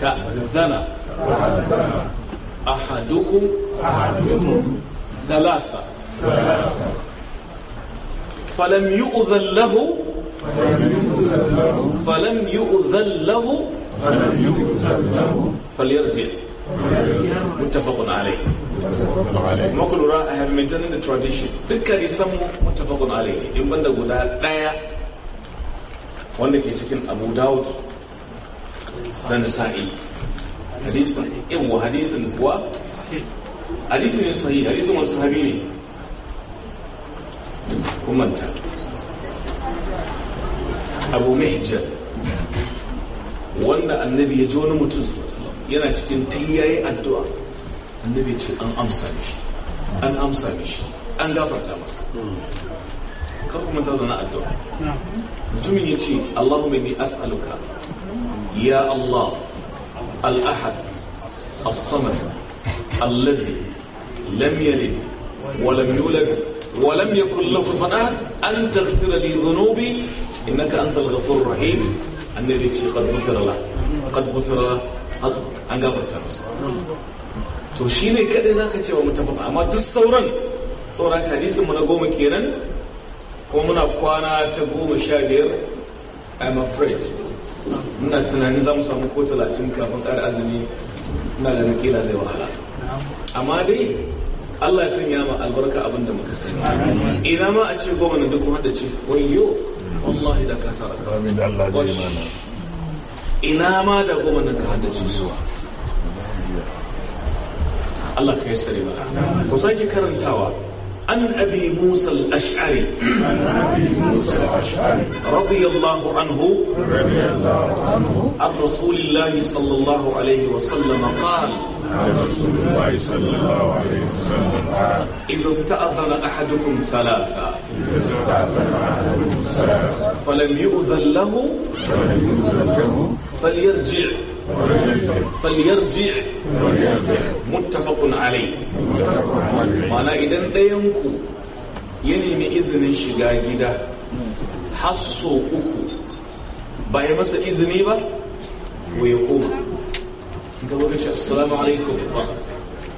تأذن أحدكم ثلاثة فلم يؤذن له فلم يؤذن له فليرجع متفق عليه muka lura a hamilton da tradition dukkan isan mu mutafakun alaihi in banda guda daya wanda ke cikin abu dawud da nisa'i hadisin yawa hadisin kuwa hadisin yin sahi hadisin wani sahabi ne kumanta abu mahijjar wanda annabi ya ji wani mutum yana cikin tayyayin addu'a annabi ce an amsa mishi an amsa mishi an gafarta masa kar kuma ta addu'a mutumin ya ce Allahumma ni as'aluka ya Allah al-ahad as-samad alladhi lam yalid wa lam yulad wa lam yakul lahu kufuwan ahad an taghfira li dhunubi innaka antal ghafurur rahim annabi ce qad ghufira la qad ghufira la an gafarta masa to shine kadai zaka ce wa mutafafa amma duk sauran sauran hadisin mu na goma kenan ko muna kwana ta goma sha biyar i'm afraid muna tunanin za mu samu ko talatin kafin ƙara azumi na da kila zai wahala amma dai Allah ya sanya ma albarka abin da muka sani ina ma a ce goma na duk wanda ce wayo wallahi da ka tara ina ma da goma na ka hada ce zuwa Allah ka yi sare ba. ku sake karantawa عن أبي موسى الأشعري عن أبي موسى الأشعري رضي الله عنه رضي الله عنه عن رسول الله صلى الله عليه وسلم قال عن رسول الله صلى الله عليه وسلم قال إذا استأذن أحدكم ثلاثا إذا استأذن أحدكم ثلاثا فلم يؤذن له فلم يؤذن له فليرجع فليرجع فليرجع muttafaqun alai mana idan ɗayan ku ya nemi izinin shiga gida hasso uku ba ya masa izini ba ko ya koma in ka lokaci assalamu alaikum ba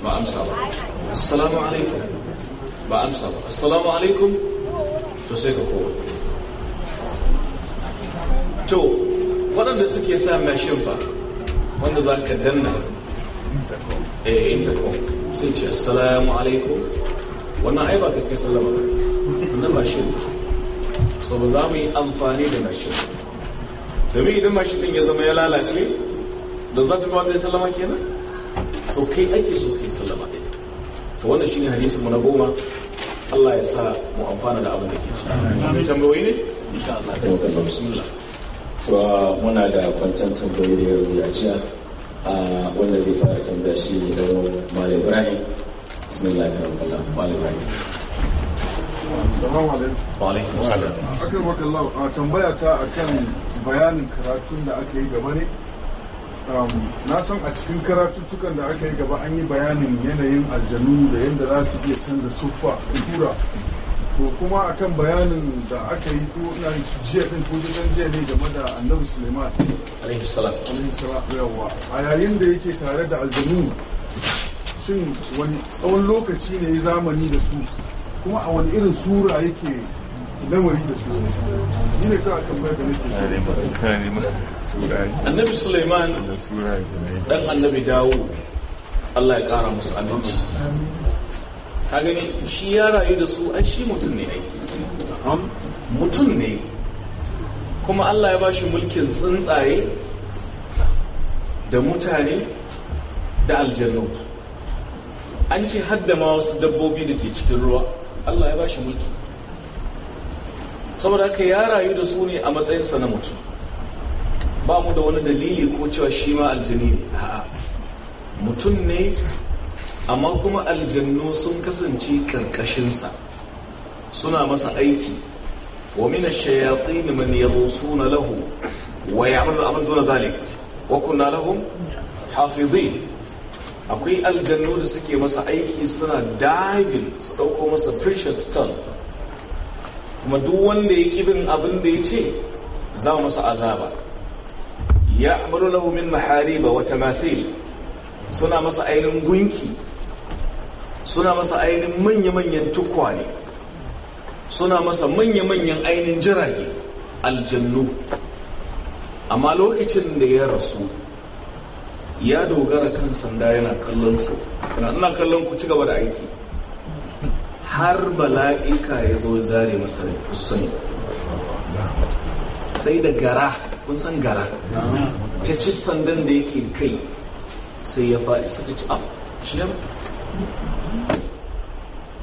ba amsa ba assalamu alaikum ba amsa ba assalamu alaikum to sai ka koma to waɗanda suke sa mashin fa wanda za ka danna eh intercom sai ce assalamu alaikum wannan ai ba kai sallama wannan mashin so ba za mu yi amfani da mashin domin idan mashin din ya zama ya lalace da za ta wata sallama kenan so kai ake so kai sallama ɗin to wannan shine hadisin mu na goma Allah ya sa mu amfana da abin da ke ciki. Mai tambayoyi ne? Insha Allah. ta Bismillah. So muna da kwantan tambayoyi da ya jiya. wanda zai fara tambaya shi ne don Malam Ibrahim bismillah kan Allah Malam Ibrahim Assalamu alaikum. Wa alaikum assalam. Akan wakallahu a tambaya ta akan bayanin karatun da aka yi gaba ne um, na san a cikin karatuttukan da aka yi gaba an yi bayanin yanayin aljanu da yadda za su iya canza suffa sura to kuma akan bayanin da aka yi ko na jiya din ko jisan jiya ne game da annabi suleiman alaihi salam alaihi salam yawa a yayin da yake tare da aljanu shin wani tsawon lokaci ne ya zamani da su kuma a wani irin sura yake lamari da su ni ne kawai kan da nake annabi suleiman dan annabi dawo Allah ya kara musu aminci ka gani shi ya rayu da su an shi mutum ne ai mutum ne kuma Allah ya bashi mulkin tsuntsaye da mutane da aljannu an ci hadda ma wasu dabbobi da ke cikin ruwa Allah ya bashi mulki saboda haka ya rayu da su ne a matsayinsa na mutum ba mu da wani dalili ko cewa shi ma aljini ne a'a mutum ne amma kuma aljannu sun kasance karkashinsa suna masa aiki wa min shayatin man yadusuna lahu wa ya'malu amal duna wa kunna lahum hafizin akwai aljannu da suke masa aiki suna diving su dauko masa precious stone kuma duk wanda ya kibin abin da ya ce za mu masa azaba ya'malu lahu min mahariba wa tamasil suna masa ainihin gunki suna masa ainihin manya-manyan tukwane suna masa manya-manyan ainihin jirage aljannu amma lokacin da ya rasu ya dogara kan sanda yana kallon su ina kallon ku ci gaba da aiki har bala'ika ya zo zare masa su sani sai da gara kun san gara ta ci sandan da yake kai sai ya faɗi suka ci ah, shi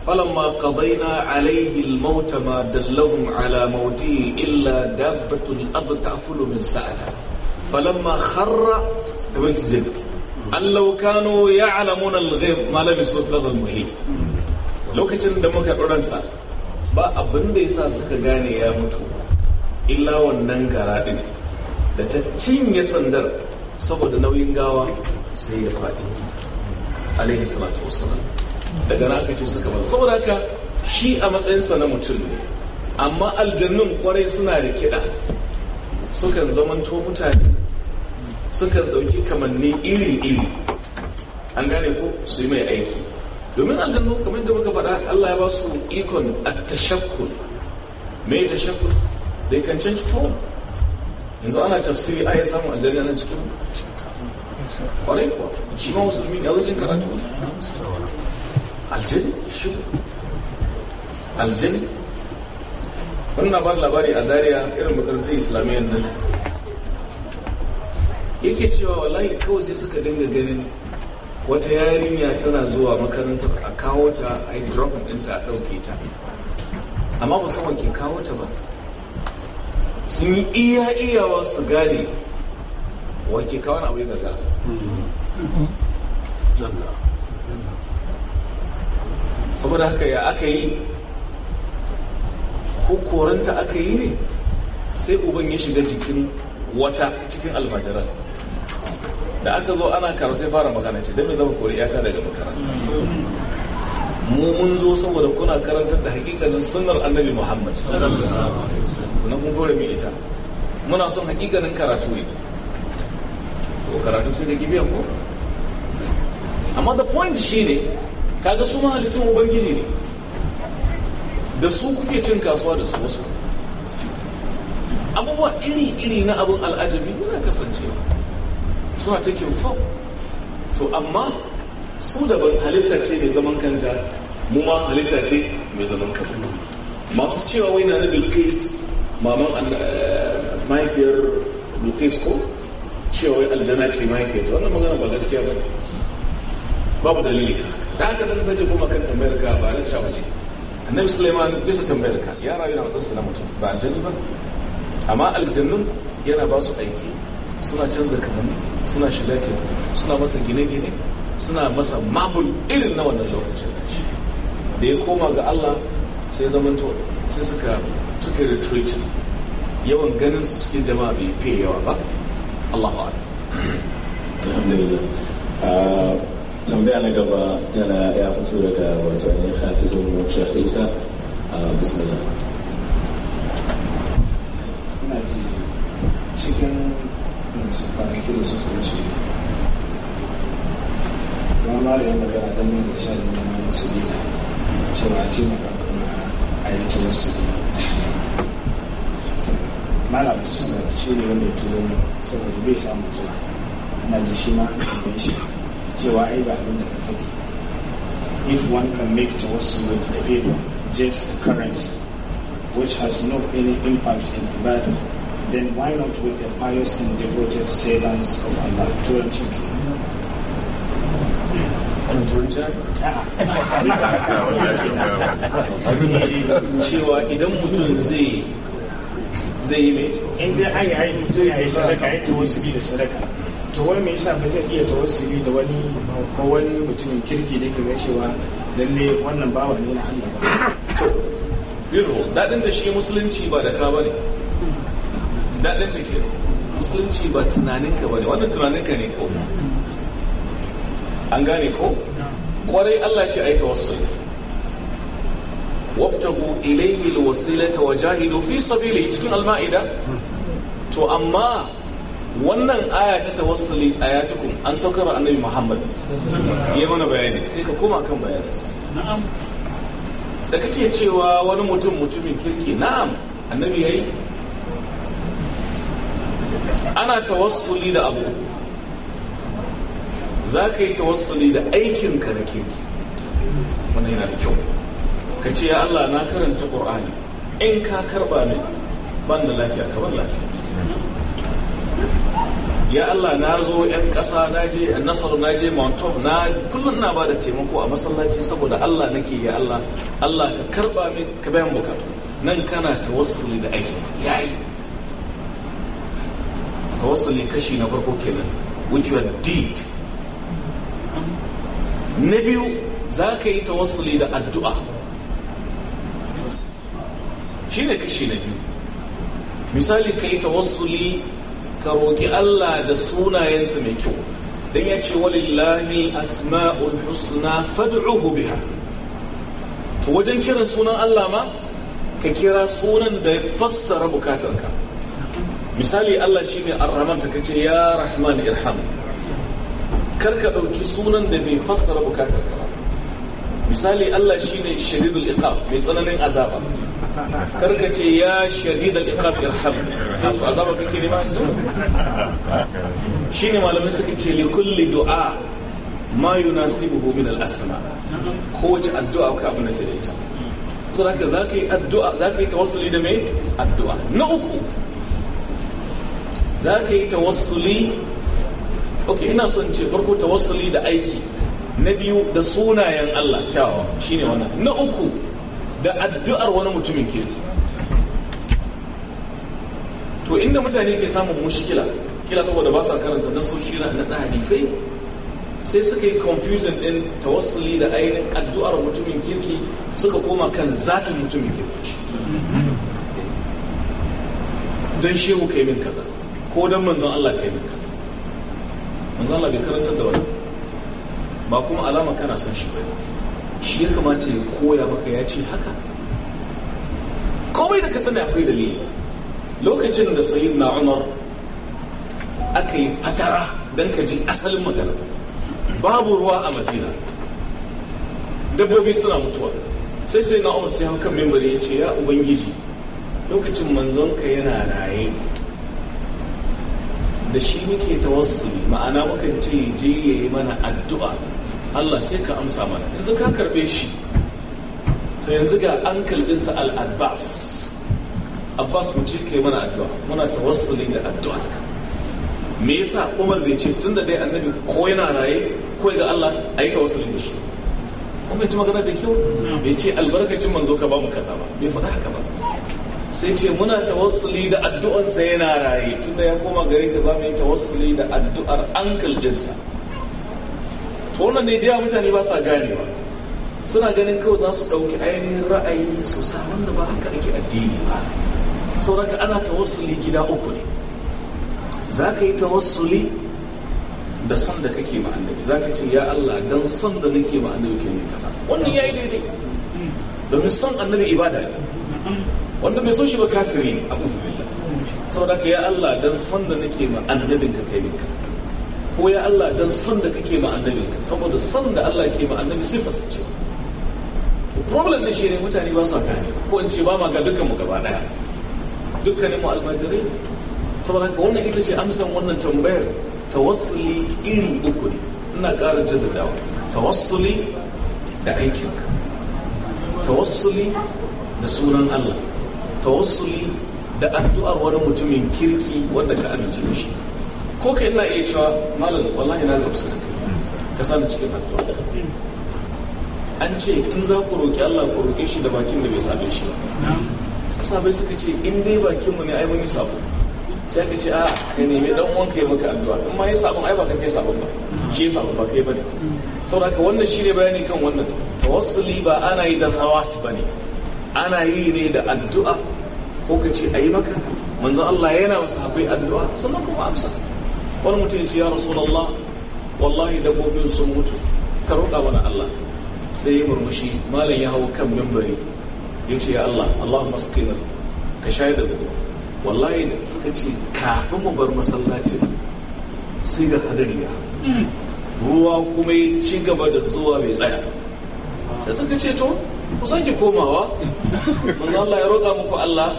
فلما قضينا عليه الموت ما دلهم على موته الا دابه الأرض تاكل من ساعته فلما خر تبنت جد ان لو كانوا يعلمون الغيب ما لم يصوص لغة المهين لو كتن دمك أرنسا با ابن da يسا سكا غاني يا متو الا wannan gara din da ta cinye sandar saboda nauyin gawa sai ya faɗi alaihi salatu wassalam daga na aka ce suka ba saboda haka shi a matsayinsa na mutum ne amma aljannun kwarai suna da kiɗa sukan to mutane sukan ɗauki kamanni irin iri an gane ko su yi mai aiki domin aljannu kamar da muka faɗa Allah ya ba su ikon a tashakkul me tashakkul they can change form yanzu ana tafsiri a ya samu aljanna na cikin kwarai kuwa shi ma musulmi ne a karatu aljini shi aljini wannan ba labari a zariya irin makarantun islamiyyar nan yake cewa wallahi kawai sai suka dinga ganin wata yarinya tana zuwa makarantar a kawo ta a yi ɗinta a ɗauke ta amma musamman ke kawo ta ba sun yi iya iyawa su gane wa ke kawo na abu ya gaga mhm. saboda haka ya aka yi ko koranta aka yi ne sai uban ya shiga jikin wata cikin almajiran da aka zo ana karu sai fara magana ce don mai zama kori yata daga makaranta mu mun zo saboda kuna karantar da hakikanin sunar annabi muhammad sannan kun kore mai ita muna son hakikanin karatu ne ko karatu sai da gibiyan ko amma the point shi ne. kaga su mahalittun ubangiji ne da su kuke cin kasuwa da su wasu abubuwa iri-iri na abin al'ajabi yana kasancewa suna kin fau to amma su daban halitta ce mai zaman kanta mu ma halitta ce mai zaman kanta masu cewa wai na kais maman eh, mahaifiyar bilkis ko cewa wai aljana ce mahaifiyar to wannan magana ba gaskiya ba babu dalili kan da haka nan sai kuma kan tambayar ka ba ran shawo ciki. annabi sulaiman bisa tambayar ka ya rayu na matarsa na mutum ba Aljanu ba amma aljannu yana ba su aiki suna canza kamanni suna shiga teku suna masa gine-gine suna masa mabul irin na wannan lokacin da ya koma ga allah sai to sai suka suka retreat yawan ganin su cikin jama'a bai fiye yawa ba allahu alhamdulillah ah, tambaya na gaba yana ya fito daga wato ne hafizin mu Sheikh Isa a uh, bismillah ina ji cikin masu kwanaki da suka wuce kuma ma da yamma da adam yin da sha da neman su gida cewa a taimaka kuma a yi ta wasu malam da sama shi ne wanda ya turo saboda bai samu zuwa ina ji shi ma a shi cewa ai ba abin da ka faɗi if one can make tawassul with the paper just a currency which has no any impact in ibadah then why not with the pious and devoted servants of Allah turanci ke cewa idan mutum zai zai yi mai inda an yi mutum ya yi sadaka ya ta wasu da sadaka to wai me yasa ba zai iya tawassuli da wani ko wani mutumin kirki da ke ga cewa lalle wannan bawa ne na Allah ba to you know dadin ta shi musulunci ba da ka bane dadin ta ke musulunci ba tunanin ka bane wannan tunanin ka ne ko an gane ko kwarai Allah ce ai tawassuli wabtahu ilayhi alwasilata wajahidu fi sabili cikin al-ma'ida to amma wannan aya ta tawassuli tsayatukum an saukar annabi Muhammad ya mana bayani sai ka koma kan bayaninsa na'am da kake cewa wani mutum mutumin kirki na'am annabi yayi ana tawassuli da abu za ka yi tawassuli da aikinka na kirki wannan yana da kyau ka ce ya Allah na karanta ƙur'ani in ka karba min ban da lafiya ka ban lafiya ya Allah na zo yan ƙasa na je yan nasarar na je mountain na kullum na ba da taimako a masallaci saboda Allah nake ya Allah Allah ka karba min ka bayan bukatu nan kana tawassuli da aiki yayi tawassuli kashi na farko kenan which you did na biyu za ka yi tawassuli da addu'a shine kashi na biyu misali ka yi tawassuli ka roƙi Allah da sunayensa mai kyau don ya ce walillahi asma'ul husna fad'uhu biha to wajen kiran sunan Allah ma ka kira sunan da ya fassara bukatarka misali Allah shine ar-rahman ta kace ya rahman irham kar ka ɗauki sunan da bai fassara bukatarka misali Allah shine shadidul iqab mai tsananin azaba kar ka ce ya shadidul iqab irham azaba kake nema yanzu shine malamai suka ce li kulli du'a ma yunasibuhu min al-asma kowace addu'a ka abin na ce ta. ita sun za ka yi addu'a za ka yi tawassuli da mai addu'a na uku za ka yi tawassuli ok ina son ce farko tawassuli da aiki na biyu da sunayen Allah kyawawa shine wannan na uku da addu'ar wani mutumin kirki to inda mutane ke samun mushkila kila saboda ba sa karanta nasoshi na hadisai sai suka yi confusion din tawassuli da ainihin addu'ar mutumin kirki suka koma kan zatin mutumin kirki don shehu kai min kaza ko don manzon Allah kai min kaza manzon Allah bai karanta da wani ba kuma alama kana son shi bane shi ya kamata ya koya maka ya ce haka komai da ka sani akwai dalili lokacin da sayid na umar aka yi fatara don ka ji asalin magana babu ruwa a madina dabbobi suna mutuwa sai sai na umar sai hau kan ya ce ya ubangiji lokacin manzonka yana raye da shi muke tawassuli ma'ana muka ce je ya yi mana addu'a Allah sai ka amsa mana yanzu ka karbe shi to yanzu ga an kalbinsa al-abbas abbas ku ce kai mana addu'a muna tawassuli da addu'a me yasa umar bai ce tun da dai annabi ko yana raye ko ga allah a yi tawassuli da shi kuma ci magana da kyau bai ce albarkacin manzo ka ba mu kaza ba bai faɗa haka ba sai ce muna tawassuli da addu'ansa yana raye tun da ya koma gare ka za mu yi tawassuli da addu'ar ankal ɗinsa to wannan ne da mutane ba sa ganewa suna ganin kawai za su ɗauki ainihin ra'ayi su sa wanda ba haka ake addini ba sauraka ana tawassuli gida uku ne za ka yi tawassuli da son da kake ma za ka ce ya Allah don son da nake ma ke mai kasa wannan ya yi daidai domin son annabi ibada ne wanda bai so shi ba kafiri ne a kufurillah saboda ka ya Allah don son da nake ma ka kai min ko ya Allah don son da kake ma ka saboda son da Allah ke ma annabi sai fasance problem ne shi ne mutane ba sa gane ko in ce ba ma ga dukkan mu gaba daya dukkanin mu almajirai saboda haka wannan ita ce amsan wannan tambayar tawassuli iri uku ne ina ƙara jaddadawa tawassuli da aikin tawassuli da sunan Allah tawassuli da addu'ar wani mutumin kirki wanda ka amince da shi ko kai ina iya cewa malam wallahi na gamsu da kai ka sani cikin addu'a an ce in za ku roƙi Allah ku roƙe shi da bakin da bai same shi ba sabai suka ce in dai bakinmu ne ai mun yi sabo sai ka ce a ka nemi dan ka ya maka addu'a in ma yi sabon ai ba ka kai sabon ba shi sabon ba kai ne saboda ka wannan shi ne bayani kan wannan tawassuli ba ana yi da ba ne? ana yi ne da addu'a ko ka ce ayi maka manzo Allah yana wa sahabbai addu'a sannan kuma amsa wani mutum ya ce ya Allah wallahi dabbobin sun mutu ka roƙa wani Allah sai ya murmushi malam ya hau kan mimbari ya ce ya Allah Allahumma sakina ka shayar da ruwa wallahi da suka ce kafin mu bar masallaci sai ga hadari hmm. ruwa kuma ya ci gaba da zuwa mai tsaya sai suka ce to ku sake komawa manzo Allah ya roƙa muku Allah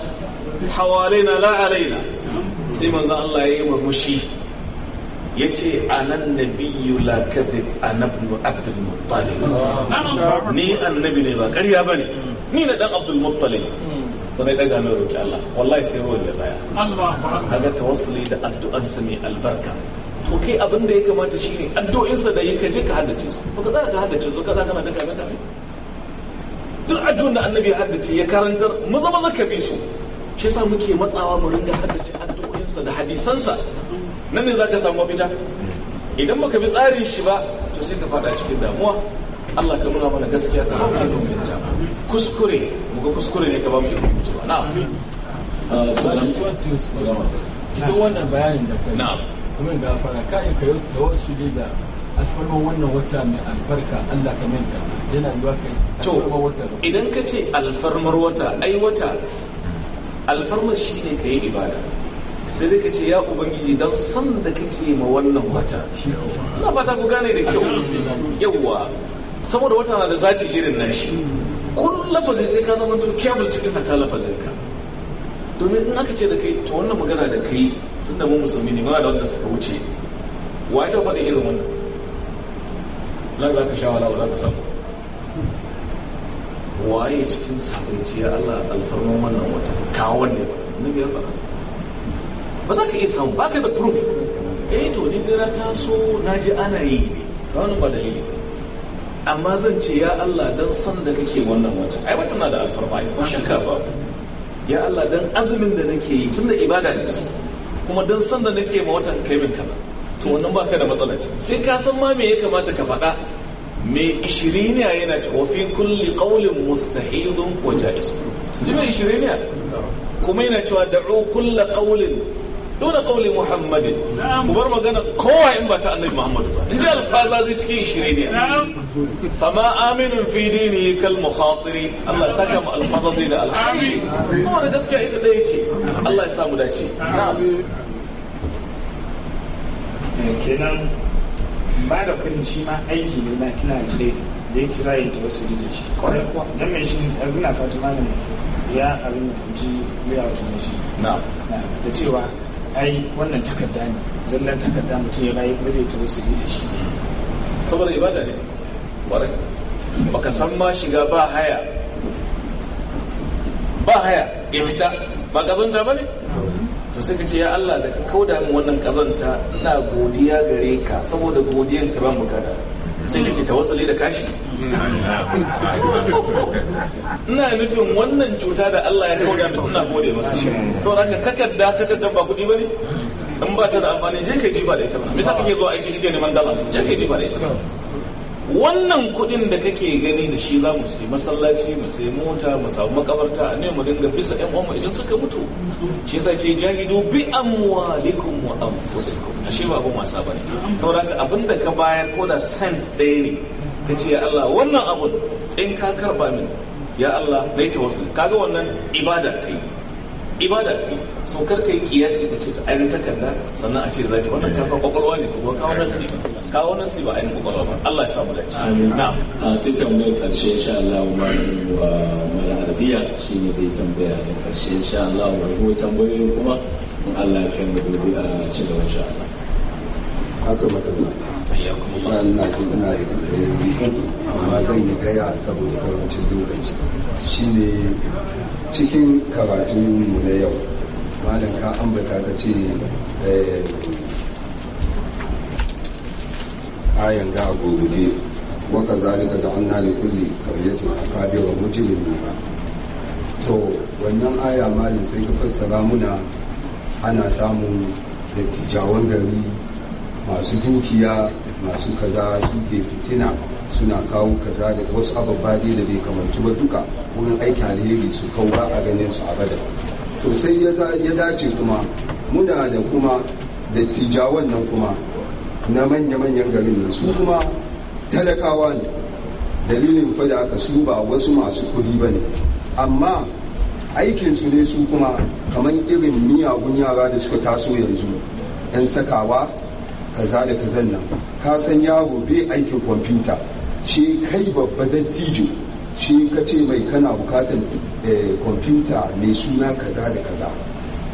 hawalaina la alaina sai manzo Allah ya yi murmushi ya ce anan nabiyyu la kadhib anabnu abdul muttalib ni annabi ne ba ƙarya bane hmm. ni na dan abdul muttalib hmm. sai daga nan roki Allah wallahi sai ruwan ya tsaya Allah kaga tawassuli da addu'an sa albarka to kai abin da ya kamata shine addu'in sa da yake je ka haddace su baka za ka haddace su ka za ka na taka maka duk addu'an da annabi ya haddace ya karantar maza maza ka bi su shi yasa muke matsawa mu ringa haddace addu'o'in sa da hadisan sa nan ne zaka samu mafita idan baka bi tsarin shi ba to sai ka fada cikin damuwa Allah ka nuna mana gaskiya ka ba mu ilimin ta kuskure muga kuskure ne ka ba mu ilimin ba na'am uh, cikin wannan bayanin da kai na'am kuma gafara ka in ka tawassuli da alfarmar wannan wata mai albarka Allah ka manta yana yiwa kai alfarmar wata idan ka ce alfarmar wata ai wata alfarmar shi ne ka yi ibada sai dai ka ce ya ubangiji don san da kake ma wannan wata na fata ku gane da kyau yawwa saboda wata na da zati irin nashi kun lafazin sai ka zama to kyamul cikin hata lafazin ka domin in aka ce da kai to wannan magana da kai tun da mu musulmi ne mana da wanda suka wuce wa ta faɗi irin wannan la za ka sha wala wala za ka samu waye cikin sabinci ya Allah alfarman wannan wata kawon ne ba ne ya faɗa ba za ka iya samu ba ka da proof eh to ni na taso na ji ana yi ne ba ba dalili ba amma zan ce ya Allah dan san da kake wannan wata ai wata na da alfarma ko shakka ba ya Allah dan azumin da nake yi tunda ibada ne kuma dan san da nake ma watan kai min kaza to wannan baka da matsala ce sai ka san ma me ya kamata ka faɗa me ishiriniya yana ce wa fi kulli qawlin mustahidun wa jaiz me ishiriniya kuma yana cewa da'u kulli qawlin dole kauli muhammadin ku bar magana kowa in ba ta annabi muhammadu ba in ji zai cikin shiri ne fama aminin fi dini kal mukhatiri Allah ya saka mu zai da alhari kuma da gaskiya ita ɗaya ce Allah ya samu dace eh, kenan ba da kudin shi ma aiki ne na kina jide da yake za a yi wasu da shi kwarai kuwa don mai shi abin eh, na fatima ne ya abin da fahimci ya wata shi eh, da cewa ai wannan takarda ne zallan takarda mutum ya bayi kuma zai tazo su yi da shi saboda ibada ne ƙwarai baka san ma shiga ba haya ba haya ya fita ba kazanta ba ne to sai ka ce ya Allah da ka kauda min wannan kazanta ina godiya gare ka saboda godiyar ka ban bukata sai ka ce tawassali da kashi ina nufin wannan cuta da Allah ya kauda min ina gode masa saboda haka takarda takardan ba kuɗi ba ne. in ba ta da amfani je ka jifa da ita ba misa kake zuwa aiki kake neman dala je ka jifa da ita wannan kuɗin da kake gani da shi za mu sai masallaci mu sai mota mu samu makabarta ne mu dinga bisa ɗan uwanmu idan suka mutu shi yasa ce jahidu bi amwalikum wa anfusikum shi ba abin wasa bane saboda abinda ka bayar ko da cent ɗaya ne ka ce ya Allah wannan abun in ka karba min ya Allah na yi tawassul kaga wannan ibada kai ibada kai so kar kai kiyasi ka ce ainihin takarda sannan a ce za ki wannan kafa kwakwalwa ne kuma kawo nasi kawo nasi ba ainihin kwakwalwa ba Allah ya samu da na. A sai mai karshe insha Allah wa ah, mara arabiya shine zai tambaya da karshe insha Allah wa rubo tambayoyin kuma in Allah ya kai mu gobe a ah, cigaban insha Allah haka magana na ina jin ina da amma zan yi gaya saboda karancin lokaci shine cikin karatun mu na yau malam ka ambata ka ce ayan ga gurguje wa kazalika ja'alna li kulli qaryatin akabira ba to wannan aya malin sai ka fassara muna ana samun dattijawan gari masu dukiya masu kaza suke fitina suna kawo kaza da wasu ababba da bai kamanci ba duka wurin aikin alheri su kawo ba a ganin su abada to sai ya dace kuma muna da kuma dattijawan nan kuma na manya-manyan garin nan su kuma talakawa ne dalilin fada aka su ba wasu masu kudi ba ne amma aikinsu ne su kuma kamar irin miyagun yara da suka taso yanzu 'yan sakawa kaza da kazan nan ka san yaro bai aikin kwamfuta shi kai babba dattijo shi ka ce mai kana bukatan eh, kwamfuta mai suna kaza da kaza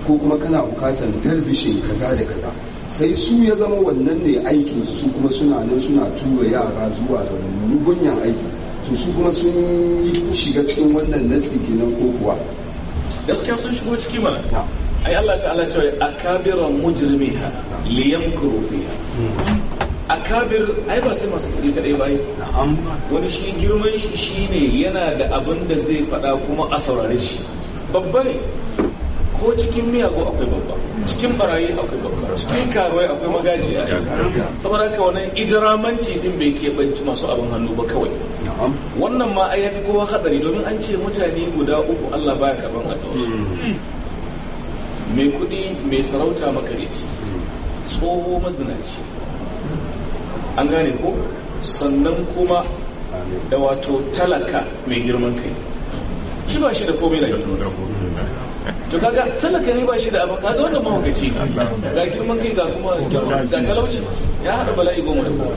ko kuma kana bukatan talbishin kaza da kaza sai su ya zama wannan ne aikin su kuma suna nan suna tura yara zuwa da gunyan aiki to su kuma sun yi shiga cikin wannan nasi kenan ko kuwa gaskiya sun shigo ciki mana ai Allah ta'ala cewa akabira mujrimiha liyamkuru fiha akabir ai ba sai masu kuɗi kadai ba wani shi girman shi shine yana da abin da zai faɗa kuma a saurare shi babba ne ko cikin miyago akwai babba cikin barayi akwai babba cikin karuwai akwai magajiya saboda haka wannan ijiramanci din bai keɓanci masu abin hannu ba kawai wannan ma ai yafi kowa hatsari domin an ce mutane guda uku Allah baya karban addu'a hmm. mai kuɗi mai sarauta makareci tsoho mazinaci an gane ko sannan kuma da wato talaka mai girman kai shi ba shi da komai na girman to kaga talaka ne ba shi da abu kaga wannan mahaukaci ne. ga girman kai ga kuma ga talauci ya haɗa bala'i goma da goma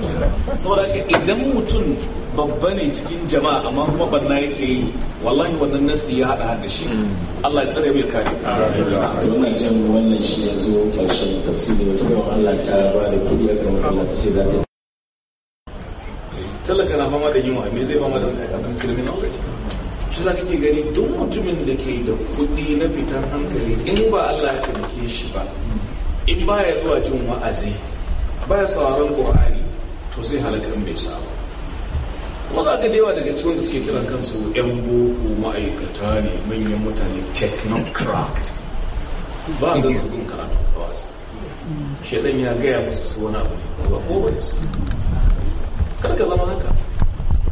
saboda ka idan mutum babba ne cikin jama'a amma kuma barna yake yi wallahi wannan nasi ya hada da shi Allah ya tsare mai kare tuna jan wannan shi ya zo karshen tafsirin wata Allah ta ba da kuɗi a kan Allah ta ce za ta talaka na fama da yunwa me zai fama da wani kafin kirmin lokaci shi za kake gani duk mutumin da ke da kuɗi na fitan hankali in ba Allah ya taimake shi ba in ba ya zuwa jin wa'azi ba ya sauraron Qur'ani to zai halakar bai saba kuma za ka yawa daga cikin da suke kiran kansu yan boko ma'aikata ne manyan mutane technocrat ba ga su kun karatu a wasu shedan ya gaya musu su wani abu ne ba ko ba su kar ka zama haka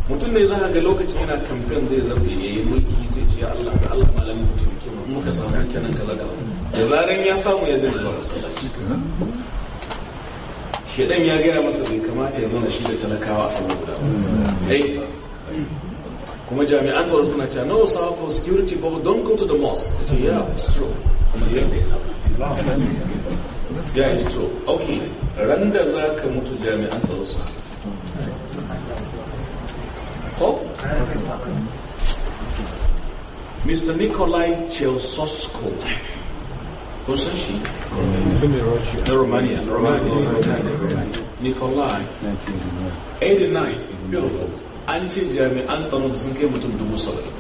mutum ne za ka ga lokacin yana kamfen zai zarge ya yi mulki sai ce Allah da Allah malamin mutum ke mu muka samu kenan kala kala da zaran ya samu ya dinga zuwa masallaci shedan ya gaya masa bai kamata ya zama shi da talakawa a sama guda ba kuma jami'an tsaro suna cewa no sir for security for don't go to the mosque sai ce yeah so kuma sai da ya samu yeah it's okay ran da za ka mutu jami'an tsaro su Mr. Nikolai Ceausescu. Cos'è The Romania. Romania. Nikolai. 89. Beautiful. An ce jami'an an tsaron sun kai mutum dubu saba'in.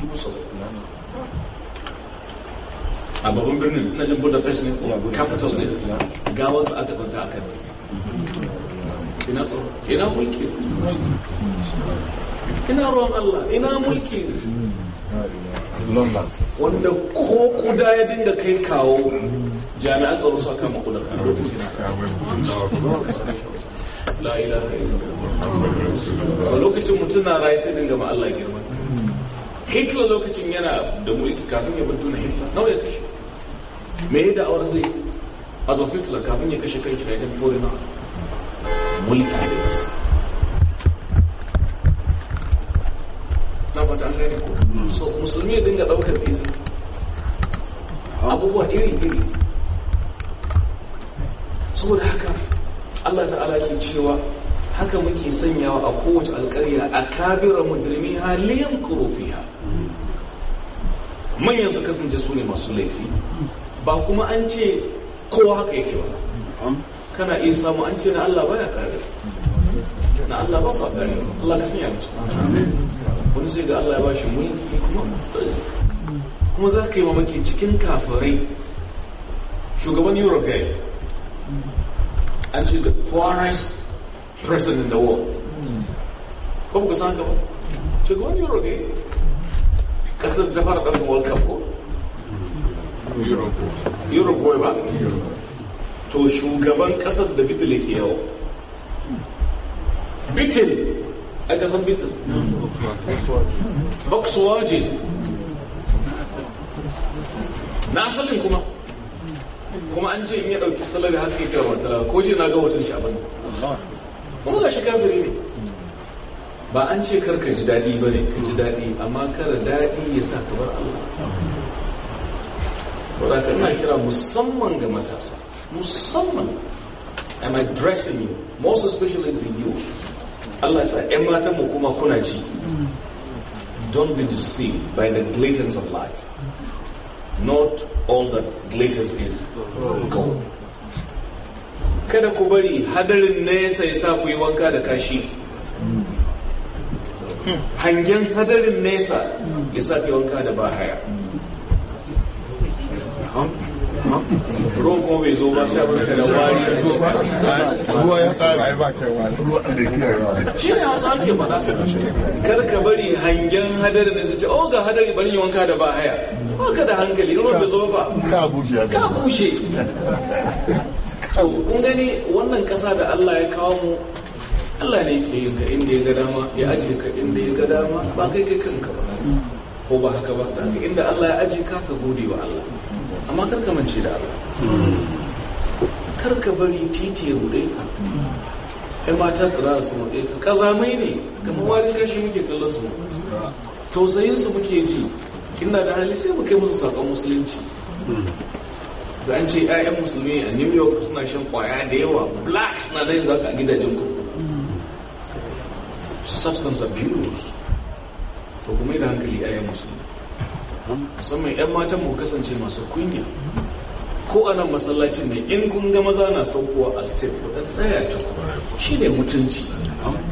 Dubu saba'in. A babban capital ne, gawarsa aka tsanta ina tsaro ina mulki ina ruwan Allah ina mulki wanda ko kuda ya dinga kai kawo jami'an tsoro su kama kuda la ilaha lokacin mutum na rayu sai dinga ma Allah girma Hitler lokacin yana da mulki kafin ya bantuna Hitler nawa ya kashe me da awar zai Adolf Hitler kafin ya kashe kai kira da ya tafi mulki da wasu. na an gani ko so musulmi dinga daukar izini abubuwa iri-iri da haka Allah ta'ala ke cewa haka muke sanyawa a kowace alkarya a kabirar mujirmi haliyan kurofiya manyan su kasance su ne masu laifi ba kuma an ce kowa haka yake ba kana iya samu an ce na Allah baya kare na Allah ba sa kare Allah ka sanya mace wani sai ga Allah ya bashi mulki kuma kuma za ka yi mamaki cikin kafirai shugaban Europe ya an ce the poorest president in the world ko ku san ka ba shugaban Europe ya kasar jafar ɗan World Cup ko Europe ba to shugaban kasar da bitil yake yawo bitil a kasar san bitil boxwaje na asalin kuma kuma an ce in ya ɗauki salari har ke kira wata ko je na ga wajen shi abin kuma ga shi kafiri ne ba an ce kar ka ji daɗi ba ne ka ji daɗi amma kara daɗi ya sa ka bar Allah. Wadda ka kira musamman ga matasa. i am addressing you most especially the youth Allah says, ƴan don't be deceived by the glitters of life not all that glitters is gold kada ku bari hadarin nesa ya sa ku yi wanka da kashi hangen hadarin nesa ya sa ku yi wanka da bahaya roƙo bai zo ba sai abin da ruwa ya ƙare ba ruwa da kiyaye shi ne wasu ake faɗa kar ka bari hangen hadari da su ce oh ga hadari bari yi wanka da ba haya ba ka da hankali ruwan bai zo ka bushe ka bushe kun gani wannan ƙasa da Allah ya kawo mu Allah ne ke yin ka inda ya ga dama ya aje ka inda ya ga dama ba kai kai kanka ba ko ba haka ba da haka inda Allah ya aje ka ka gode wa Allah amma kar ka mance da Allah kar ka bari titi ya rude ka ai mata su rana su rude ka kazamai ne kamar wani kashi muke kallon su tausayin su muke ji ina da hali sai mu kai musu sakon musulunci da an ce 'ya'yan musulmi a new york suna shan kwaya da yawa blacks na da zaka a gidajen ku substance abuse to kuma yi da hankali 'ya'yan musulmi musamman 'yan matan mu kasance masu kunya ko a nan masallacin ne in kun ga maza na saukowa a step ko dan tsaya ta shi ne mutunci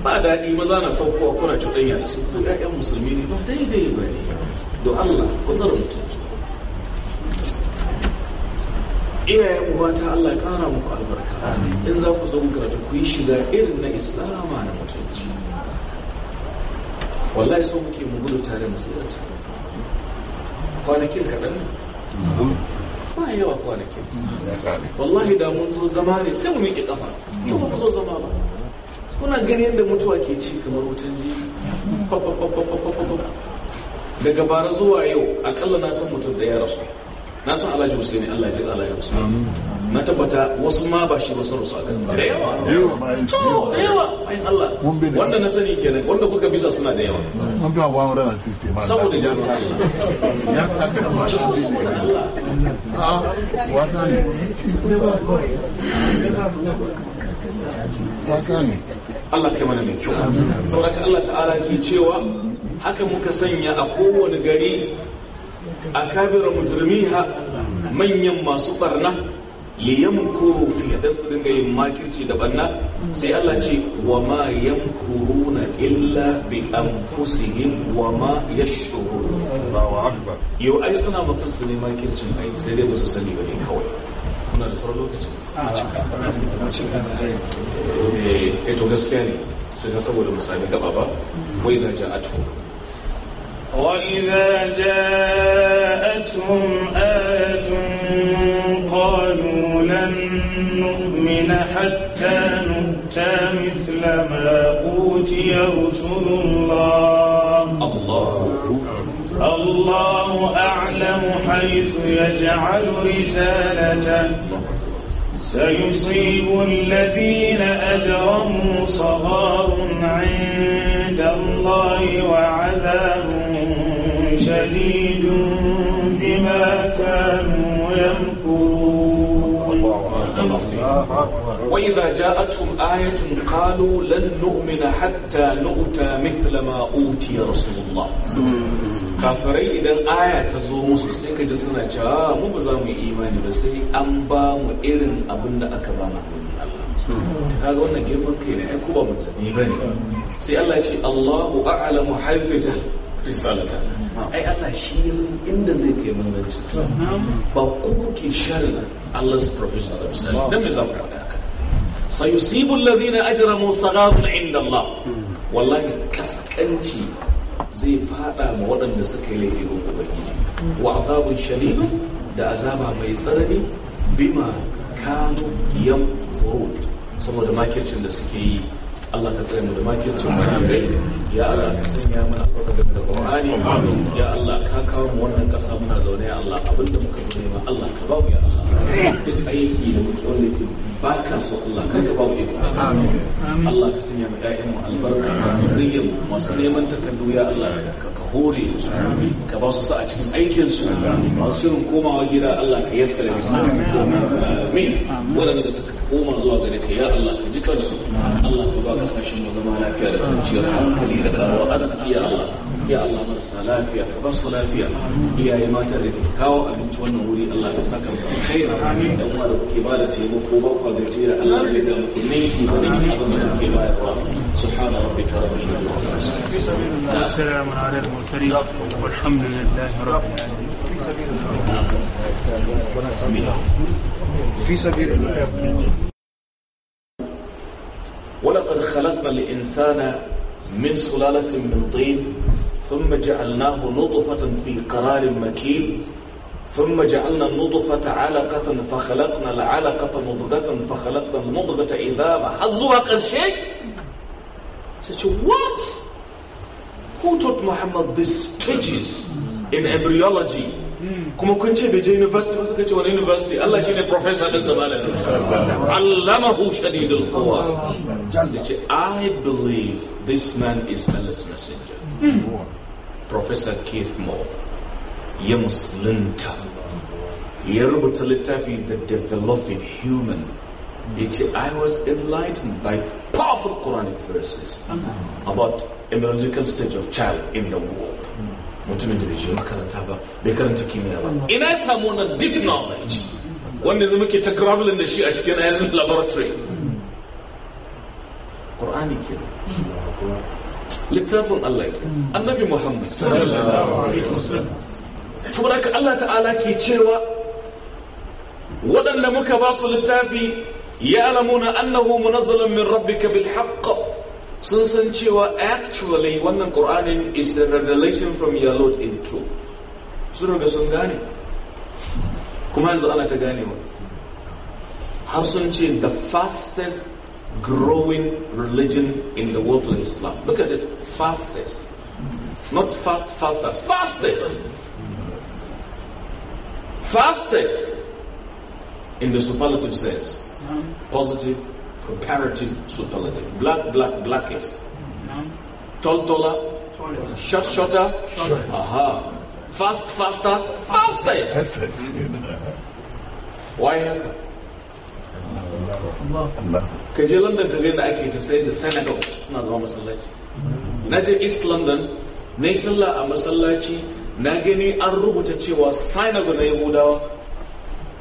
ba daɗi maza na saukowa kuna cuɗanya yana su ko 'ya'yan musulmi ne ba daidai ba ne don Allah ku zara mutunci iyayen uba ta Allah kara muku albarka in za ku zo karatu ku yi shiga irin na islama na mutunci wallahi so muke mu gudu tare mu tsira tare kwanakin kaɗan ne mm. ba yawa kwanakin wallahi da mun zo zama ne sai mu miƙe ƙafa to ba mu zo zama ba kuna gani yadda mutuwa ke ci kamar wutan ji daga bara zuwa yau akalla na san mutum da ya rasu na san alhaji musulmi allah ya jira alhaji musulmi na tabbata wasu ma ba shi wasu rasu kan da yawa to da yawa ayin allah wanda na sani kenan wanda kuka bisa suna da yawa an bi abuwa wadana siste ma saboda ya fi ya fi wasa ne wasa ne allah kai mana mai kyau saboda ka allah ta'ala ke cewa haka muka sanya a kowane gari A akabira mujrimiha manyan masu barna li yamkuru fi dan su dinga yin makirci da banna sai Allah ce wa ma yamkuruna illa bi anfusihim wa ma yashurun Allahu akbar yau ai suna ma kansu ne makircin ai sai dai ba su sani ba ne kawai kuna da sauran lokaci eh kai eh, to gaskiya ne sai saboda misali gaba ba wai na ja'atu وإذا جاءتهم آية قالوا لن نؤمن حتى نؤتى مثل ما أوتي رسل الله الله الله أعلم حيث يجعل رسالته سيصيب الذين أجرموا صغار عند الله وعذاب شديد بما كانوا يمكرون وإذا جاءتهم آية قالوا لن نؤمن حتى نؤتى مثل ما أوتي رسول الله kafirai idan aya tazo zo musu sai ka ji suna cewa mu ba za mu imani ba sai an ba mu irin abin da aka ba ta kaga wannan girman kai ne ai ko ba sai Allah ya ce Allahu a'lamu haifatal risalata ai Allah shi ya san inda zai kai manzancin sa ba kuma ke sharin Allah's provision da misali dan me za mu faɗa haka sayusibu alladhina ajramu saghatun inda Allah wallahi kaskanci zai fada ma waɗanda suka yi laifi gun ubangiji wa azabun da azaba mai tsanani bima kanu yamkurun saboda makircin da suke yi Allah ka tsaye mu da makircin mana malamai ya Allah ka sanya mana albarka game da Qur'ani ya Allah ka kawo mu wannan kasa muna zaune ya Allah abinda muka zo nema Allah ka ba mu ya Allah duk aiki da muke wanda yake ba ka so Allah ka ka ba mu iko Allah ka sanya mu ƴaƴan mu albarka da mu masu neman takardu ya Allah ka hore su ka ba su sa a cikin aikin su masu shirin komawa gida Allah ka da su amin waɗanda da suka koma zuwa gare ka ya Allah ka ji kansu Allah ka ba kasashen mu zama lafiya da kwanciyar hankali da karuwa arziki ya Allah ya Allah marasa lafiya ka bar su lafiya iyaye mata da ka kawo abinci wannan wuri Allah ya saka mu alkhairi dan uwa da kuke ba da taimako ba ku ga jira Allah ya ga muku ne ki ba ne abin da kuke bayarwa سبحان ربك رب العزة السلام على المرسلين والحمد لله رب العالمين في سبيل الله ولقد خلقنا الإنسان من سلالة من طين ثم جعلناه نطفة في قرار مكين ثم جعلنا النطفة علقة فخلقنا العلقة مضغة فخلقنا المضغة such what who taught Muhammad these stages in embryology kuma kun ce bai je university ba suka ce wani university Allah shine professor din sa malam allamahu shadidul quwa ce i believe this man is Allah's messenger Professor Keith Moore Yemus Linta. ya rubuta The Developing Human Which I was enlightened by powerful Quranic verses mm-hmm. about embryological stage of child in the womb mutumin da bai je makaranta ba bai In kimiyya ba ina samu a deep knowledge wanda mm-hmm. yanzu muke ta gravelin da the a cikin uh, laboratory mm-hmm. Quranic kenan littafin Allah ke annabi Muhammad saboda haka Allah ta'ala ke cewa waɗanda muka ba su littafi ya alamuna annahu munazzalun min rabbika bil haqq sun san cewa actually wannan Qur'anin is a revelation from your Lord in truth sun ga sun gane kuma yanzu ana ta gane ganewa har sun ce the fastest growing religion in the world is Islam. Look at it. fastest. Not fast, faster, fastest. Fastest in the superlative sense. Positive, comparative, superlative. Black, black, blackest. Tall, taller. Short, shorter. Aha. Fast, faster, fastest. Why Allah. Ka je London ka ga yadda ake to say the Senegal suna zama masallaci. na je east london na yi sallah a masallaci na gani an rubuta cewa sinagogue na yahudawa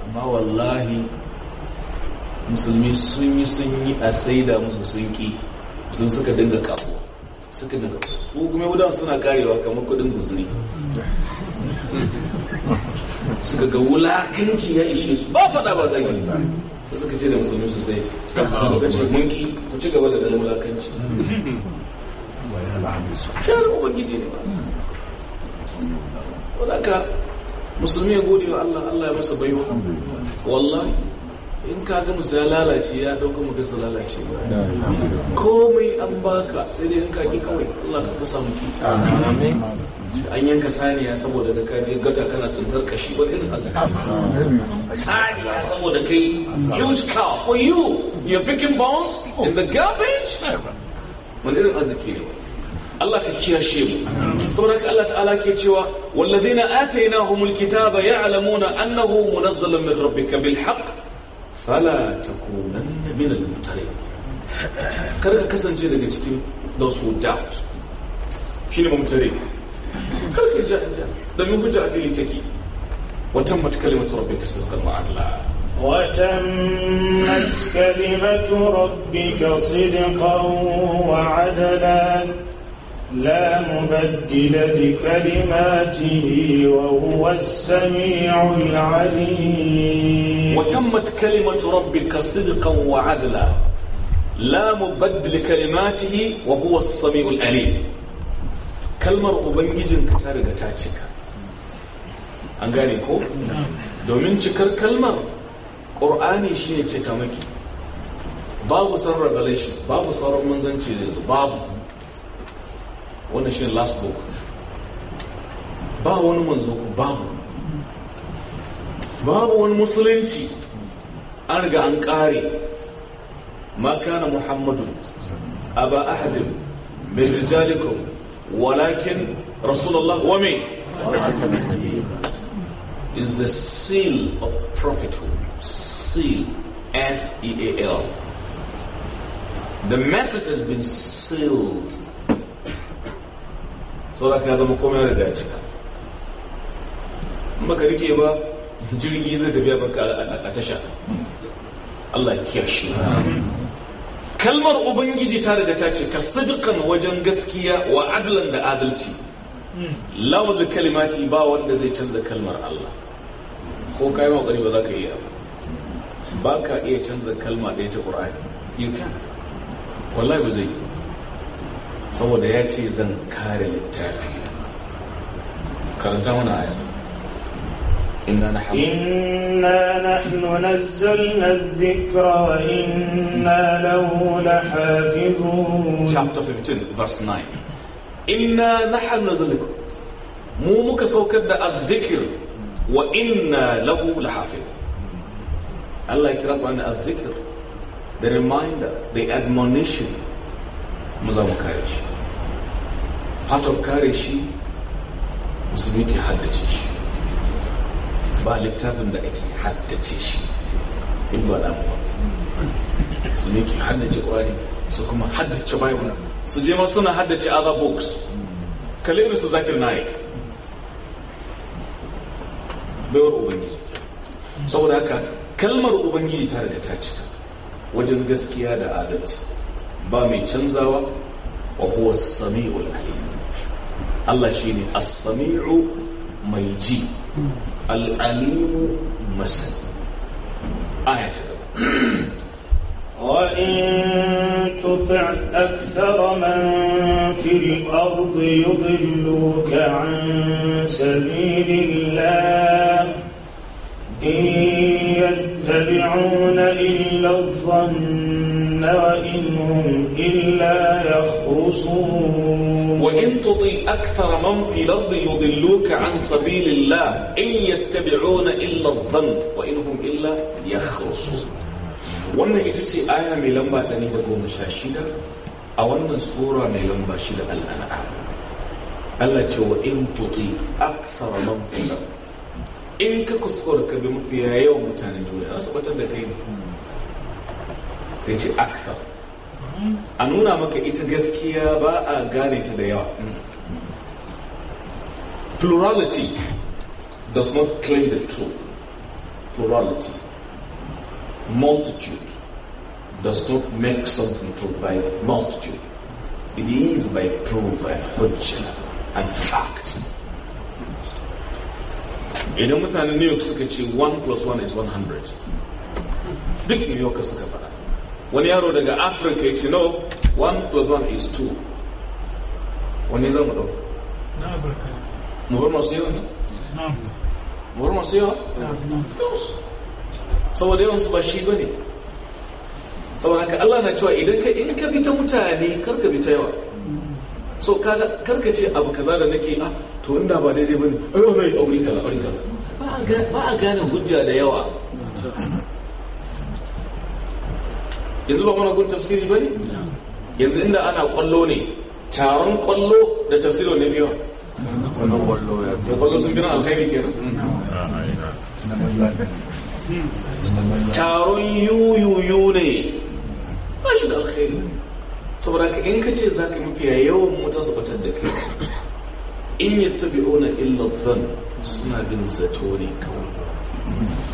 amma wallahi musulmi sun yi sun yi a saida musu sun ki sun suka dinga kafu suka dinga ko kuma yahudawa suna karewa kamar kudin guzuri suka ga wulakanci ya ishe su ba faɗa ba zai yi ba suka ce da musulmi sosai a lokacin munki ku ci gaba da ganin wulakanci al'amari su shaɗin ubangiji ne ba wadaka musulmi ya gode wa allah allah ya masa baiwa wallahi in ka ga musu ya lalace ya ɗauka mu gasa lalace komai an baka sai dai in ka ki kawai allah ka kusa muki an yanka saniya saboda da kaji gata kana tsintar kashi wani irin azaba saniya saboda kai huge cow for you you're picking bones in the garbage wani irin arziki ne Allah ka kiyashe mu saboda haka Allah ta'ala ke cewa walladhina atainahumul kitaba ya'lamuna annahu munazzalun min rabbika bil haqq fala takunanna min al kar ka kasance daga cikin those who doubt shine mumtarin kar ka ja ja a filin take wa tammat kalimatu rabbika sidqan wa adla وتمت كلمة لا مبدل لكلماته وهو السميع العليم وتمت كلمة ربك صدقا وعدلا لا مبدل لكلماته وهو السميع العليم كلمة أبنجين كتار تاتشك أنغاني كو دومين شكر كلمة قرآني شيء تكامكي babu san revelation babu sauran manzanci zai zo babu wannan shine last book ba wani manzo ku babu babu wani musulunci an riga an kare ma kana muhammadu aba ahadin min rijalikum walakin rasulullah wa me is the seal of prophethood seal s e a l the message has been sealed saboda ya zama komai da ya cika maka rike ba jirgi zai tafiya maka a tasha Allah ya shi kalmar ubangiji ta daga ta ce ka sadiqan wajen gaskiya wa adlan da adalci da kalimati ba wanda zai canza kalmar Allah ko yi ma ba za ka iya ba ka iya canza kalma ɗaya ta Qur'ani you can't wallahi ba zai yi saboda ya ce zan kare littafi karanta mana ayan إنا نحن إنا نحن نزلنا الذكر وإنا له لحافظون chapter 15 verse 9 إنا نحن نزلنا مو muka saukar da الذكر وإنا له لحافظ Allah يكرم Quran الذكر the reminder the admonition mu za mu kare shi part of kare shi musulmi ke haddace shi ba littafin da ake haddace shi in ba da ba musulmi ke haddace kwari su kuma haddace bible su je masu suna haddace other books kalilu su zakir naik baiwar ubangiji saboda haka kalmar ubangiji tare da ta cika wajen gaskiya da adalci ba mai canzawa wa huwa sami'ul alim Allah shine as-sami'u mai ji al-alim masani ayat أكثر من في الأرض يضلوك عن سبيل الله إن يتبعون إلا الظن الجنة وإن هم إلا يخرصون وإن تطي أكثر من في الأرض يضلوك عن سبيل الله إن يتبعون إلا الظن وإن هم إلا يخرصون وأن إتتي آية من لما أني بقوم شاشدة أو أن سورة من لما شدة الأنعام ألا جو إن تطي أكثر من في الأرض إن كسورك بمبيا يوم تاني دولي أصبت أنك إن هم sai ce akthar a nuna maka ita gaskiya ba a gane ta da yawa plurality does not claim the truth plurality multitude does not make something true by multitude it is by proof and hujja and fact idan mutanen new york suka ce 1 plus 1 is 100 duk new york suka faɗa wani yaro daga afirka ya ce no 1 plus 1 is 2 wani zan mu Na mu bar masu yawa ne mu bar masu yawa saboda yawan su ba shi ba ne saboda ka Allah na cewa idan ka in ka bi ta mutane kar ka bi ta yawa so karka kar ka ce abu kaza da nake a? Ah, to inda ba daidai bane ai yi aure kala aure kala? ba a gane hujja da yawa yanzu ba mana gun tafsiri ba ne yanzu inda ana kwallo ne taron kwallo da tafsiri ne biyu da kwallo sun fi nan alkhairi kenan hmm. taron yuyuyu ne ba shi da alkhairi saboda ka in ka ce za ka mafiya yawan mutan su fitar da kai in yi tafi ona illa zan suna bin zato ne kawai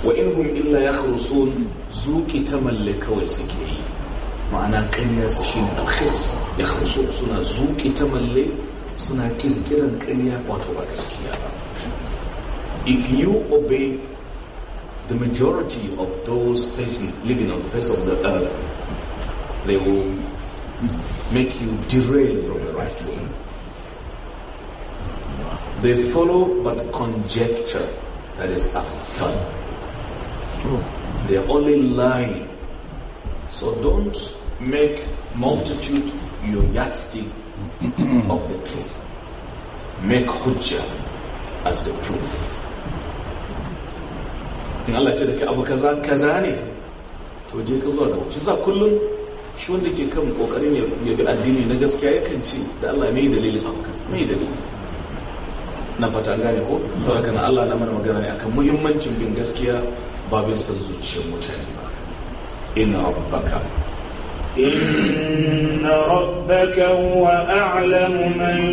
wa in hum illa ya kharusun zuki ta malle kawai suke yi ma'ana ƙarya su shi ne ya suna zuƙi ta malle suna kirkiran ƙarya wato ba gaskiya ba if you obey the majority of those facing living on the face of the earth they will make you derail from the right way they follow but conjecture that is a fun oh. they are only lying So don't make multitude your yardstick of the truth. Make hujja as the proof. In Allah ce da ke abu kaza kaza ne, to je ka zuwa gaba. Shi za kullum shi wanda ke kan kokarin ya bi addini na gaskiya kan ce da Allah mai dalilin abu kaza, mai dalilin. Na fata an gane ko? Saboda Allah na mana magana ne akan muhimmancin bin gaskiya babin san zuciyar mutane ba. إن ربك إن ربك هو أعلم من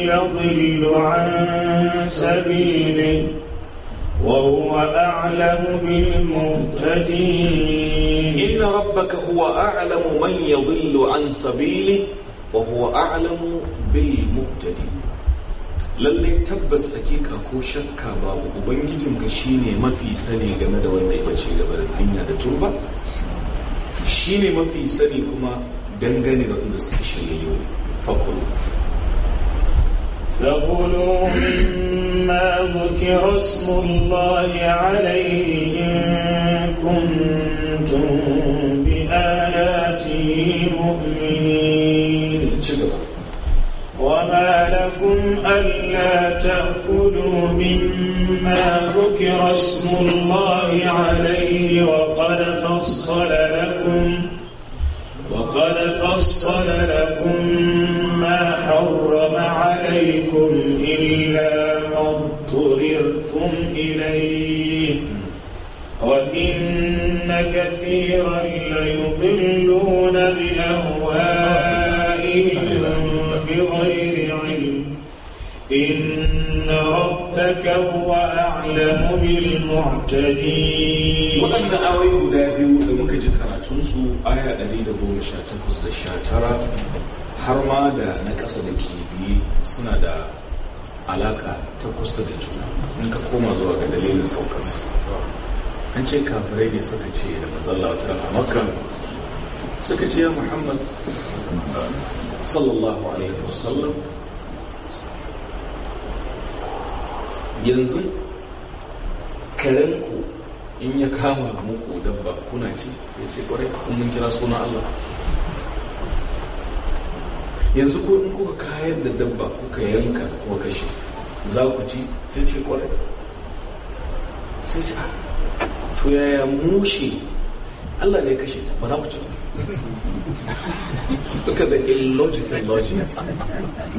يضل عن سبيله وهو أعلم بالمهتدين إن ربك هو أعلم من يضل عن سبيله وهو أعلم بالمهتدين lallai tabbas hakika ko shakka babu ubangijinka shine mafi sani game da wanda ya bace gabarin hanya da turba shi ne mafi sani kuma dangane da wanda suke shirye fakulu فكلوا مما ذكر اسم الله عليه إن كنتم ألا تأكلوا مما ذكر اسم الله عليه وقد فصل لكم وقد فصل لكم ما حرم عليكم إلا ما اضطررتم إليه وإن كثيرا ليضلون بأهوائهم رَبَّكَ هُوَ أَعْلَمُ بِالْمُعْتَدِينَ وَأَنَّ آيَةَ دَاعِي وَمُكَ جِكَرَاتُ سُ آيَة 118 da 19 har ma da na kasa da kibi suna da alaka ta da juna in ka koma zuwa ga dalilin saukar su an ce kafirai ne suka da manzalla wa tara makka suka ce muhammad sallallahu alaihi wasallam yanzu karenku in ya kama muku dabba kuna ci ya ce kwarai kuma mun kira suna Allah yanzu ko in kuka kayar da dabba kuka yanka ko kashe za ku ci sai ce kwarai sai ce ah, to yaya mushi Allah ne kashe ta ba za ku ci Look at the illogical logic.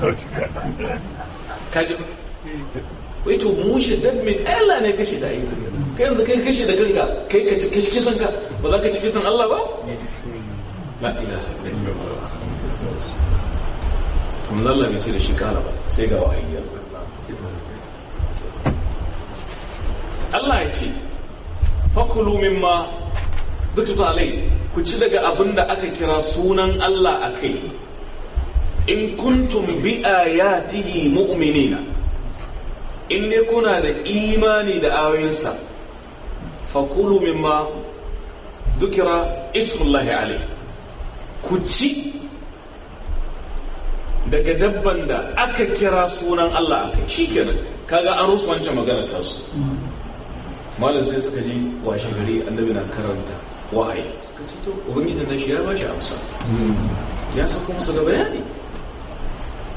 Logical. Kaji. Hmm. wai mu mushe dad min Allah ne kashe da yi kai yanzu kai kashe da kanka kai ka ci kashe kisan ka ba za ka ci kisan Allah ba la ilaha illallah kuma Allah bai ce da shi kala ba sai ga wahayi Allah ya ce fakulu mimma dukkan alai ku ci daga abin da aka kira sunan Allah a kai in kuntum bi ayatihi mu'minina in dai kuna da imani da ayoyinsa fakulu mimma dukira ismullahi alai ku ci daga dabban da aka kira sunan Allah aka shi kenan kaga an rusa wancan magana ta su malam sai suka ji washe gari annabi na karanta wahayi suka ce to ubangiji na shi ya ba shi amsa hmm. ya sako masa da bayani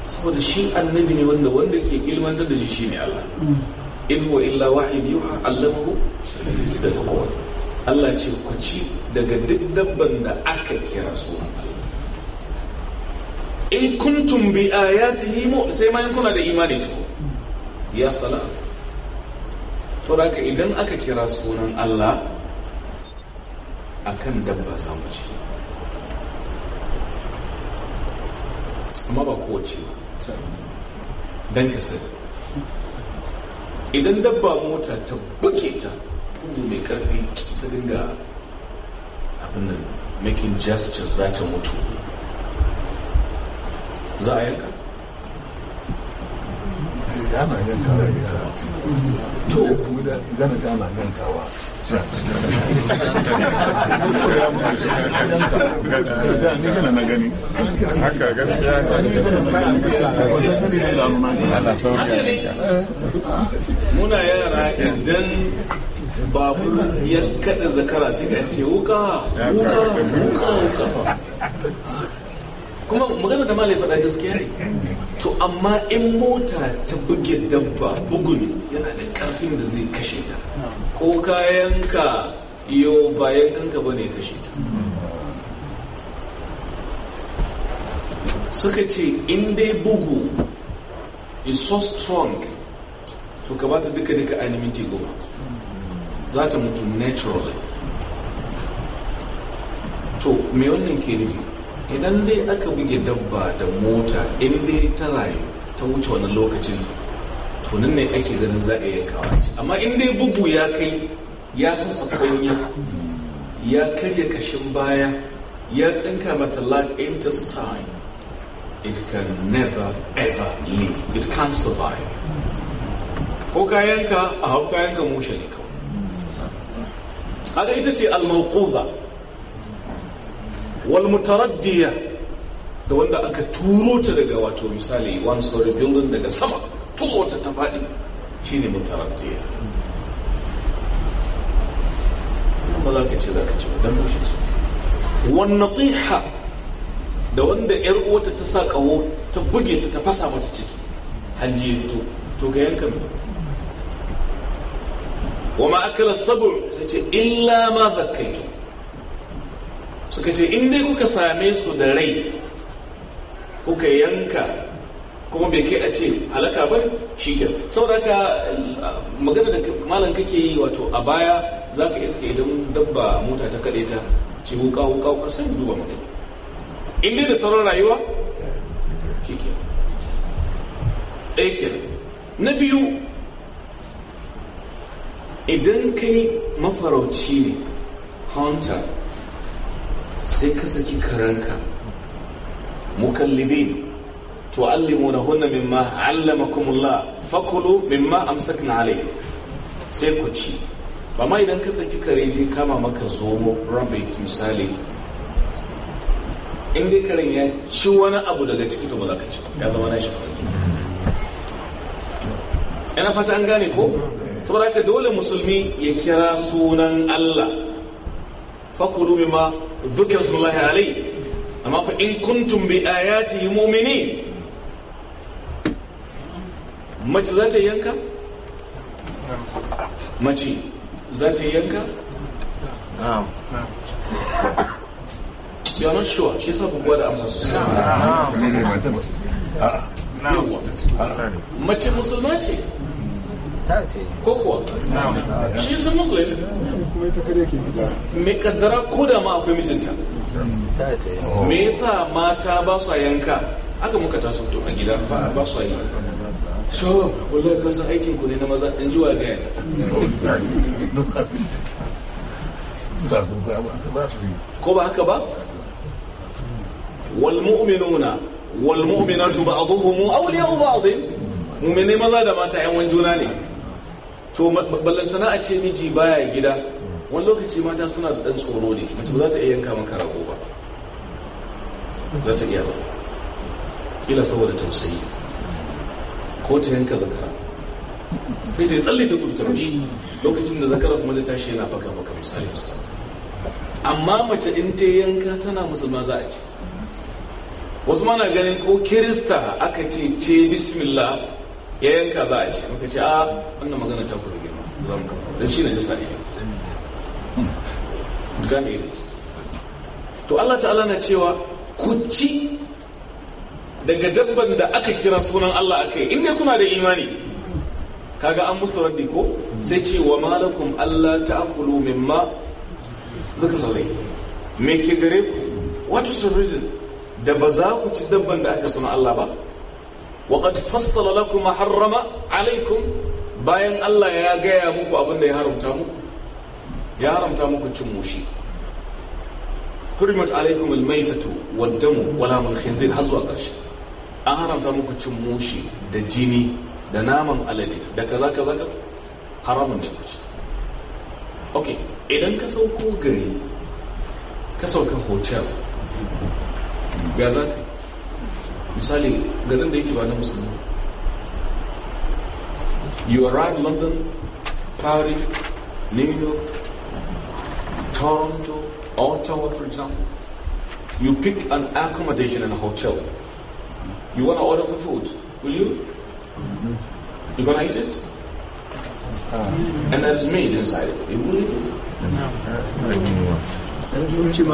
saboda shi annabi ne wanda wanda ke ilmantar da shi shi ne Allah in wa illa wahayin yuha allamahu da kowa Allah ce ku ci daga duk dabban da aka kira sunan in kuntum bi ayatihi mu sai ma kuna da imani to ya sala to haka idan aka kira sunan Allah akan dabba za mu ci amma ba kowace ba don ka sani idan dabba mota ta buke ta kudu mai karfi ta dinga abin making gestures za ta mutu za a yanka yana yankawa ne to yana gana yankawa ni muna yara idan babur ya kada zakara sai ka ce wuka wuka wuka wuka kuma magana da malai faɗa gaskiya ne to amma in mota ta buge dabba bugun yana da ƙarfin da zai kashe ta ko kayanka iyo ba ganka ba ne kashe ta suka ce in dai bugu is so strong to ka ba ta duka duka ainihin minti goma za ta mutu naturally to me wannan ke nufi idan dai aka buge dabba da mota in dai ta rayu ta wuce wani lokacin to ne ake ganin za a yi kawaci amma in dai bugu ya kai ya fasa kunya ya karya kashin baya ya tsinka mata large intestine it can never ever leave it can survive ko kayanka a hau kayanka mushe ne kawai haka ita ce almauquza wal mutaraddiya da wanda aka turo ta daga wato misali one story building daga sama kowace ta faɗi shi ne mutaraddiya ba za ka ce za ka ci wadanda shi su wannan tsiha da wanda yar uwata ta sa kawo ta buge ta ta fasa mata ciki hanji to to ga yanka mai wa ma akala sabur sai ce illa ma zakkaitu suka ce in dai kuka same su da rai kuka yanka kuma bai kai a ce halaka ba shi ke saboda haka magana da malam kake yi wato a baya za ka iska idan dabba mota ta kaɗe ta ce wuka wuka wuka sai duba magana in dai da sauran rayuwa shi ke ɗaya na biyu idan kai mafarauci ne hunter sai ka saki karanka mukallibi ne tu'allimunahunna mimma 'allamakumullah fakulu mimma amsakna alaykum sai ku ci ba ma idan ka saki kare je kama maka zomo rabbit misali in dai karen ya ci wani abu daga ciki to ba za ka ci ya zama na shi yana fata an gane ko saboda haka dole musulmi ya kira sunan Allah fakulu mimma dhukira sunullahi alayhi amma fa in kuntum bi ayatihi mu'minin mace za ta yanka? mace za ta yanka? ya mashi shuwa shi yasa gwada amsa su yawwa mace musulma ce ko kuwa shi sun musulmi mai kaddara ko da ma akwai mijinta oh. me yasa mata ba su yanka aka muka taso to a gida ba su yi so wallahi kasan aikin ku ne na maza in zuwa ga ko ba haka ba wal mu'minuna wal mu'minatu ba'dhuhum awliya'u ba'd mu'mini maza da mata yan wani juna ne to ballantana a ce miji baya gida wani lokaci mata suna da dan tsoro ne mace ba za ta iya yanka maka rago ba za ta iya ba kila saboda tausayi ko ta yanka zakara sai ta yi tsalle ta gudu ta bashi lokacin da zakara kuma zai tashi yana baka baka misali misali amma mace in ta yanka tana musulma za a ce wasu mana ganin ko kirista aka ce ce bismillah ya yanka za a ce muka ce a ah, wannan magana ta kuri girma za mu kama don shi na jasa ne gane to Allah ta'ala na cewa ku ci daga dabban da aka kira sunan Allah akai in ne kuna da imani kaga an musu raddi ko sai ce wa malakum Allah ta'kulu mimma me ke gare ku what is the reason da ba za ku ci dabban da aka sunan Allah ba wa qad fassala lakum harrama alaikum bayan Allah ya gaya muku abin da ya haramta muku ya haramta muku cin mushi حرمت عليكم الميتة والدم ولام الخنزير هزوا قرشه an haramta muku cin mushi da jini da naman alade da kaza kaza haramun ne ku ci ok idan ka sauko gari ka hotel ya za ka misali garin da yake ba na musulmi you arrive london paris new york toronto ottawa for example you pick an accommodation in a hotel you want to order for food, will you? You gonna eat it? Uh. And there's meat inside it. You will eat it? No.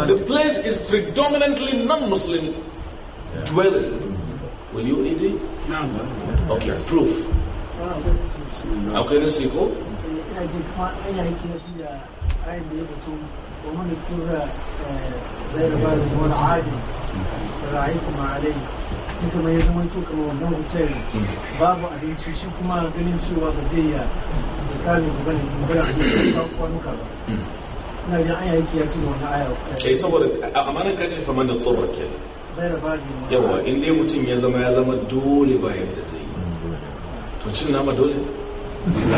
The place is predominantly non-Muslim dwelling. Will you eat it? No. Okay, proof. How can uh, uh, you see hope? ومن اضطر غير بالغ والعاجز in mai zaman zama to wannan hotel babu abinci shi kuma ganin cewa ba zai ya kamin gaban magana shi ba kwanuka ba ina jin aya yake ya ce wannan aya eh saboda amanan kace fa man tawar kenan yawa in dai mutum ya zama ya zama dole ba da zai to cin nama dole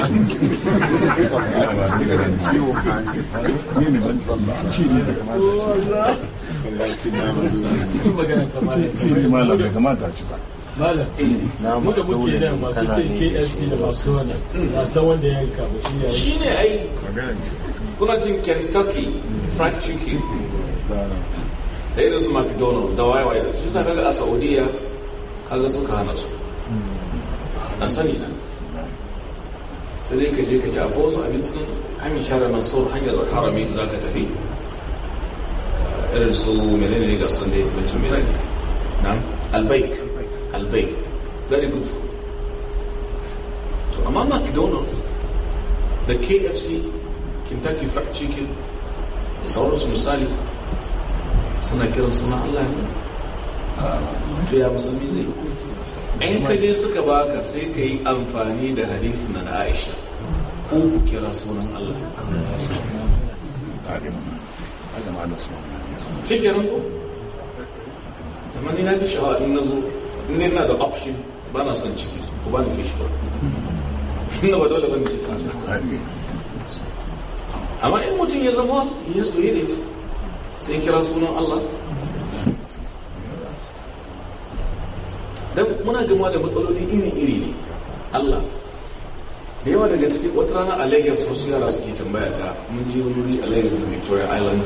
ne ne cikin magana kamar ci ne malam bai kamata ci ba malam mu da muke nan masu ce klc da masu wannan na san wanda ya yanka ba shi ya shi ai kuna cin kentucky fried chicken da irin su mcdonald da wayewaye da su sa kaga a saudiya kaga suka hana su a sani na sai dai ka je ka ci a wasu abincin hanyar shara mansur hanyar da za ka tafi irin su menene ne ga sun da yawancin menene na albaik albaik very good food to amma mcdonald's da kfc kentucky fried chicken da sauransu misali suna kiran suna allah ne to ya musulmi zai in ka je suka baka sai ka yi amfani da hadith na aisha ko ku kira sunan allah shi kenan ko amma ni na fi sha'awa in na zo in na da option ba na son ciki ko ba ni fish shi ba inda ba dole ba ni ciki amma in mutum ya zama ya so yi it sai kira sunan Allah dan muna gama da matsaloli iri-iri ne Allah da yawa daga cikin wata rana a Lagos wasu yara suke tambaya ta mun je wuri a Lagos da Victoria Island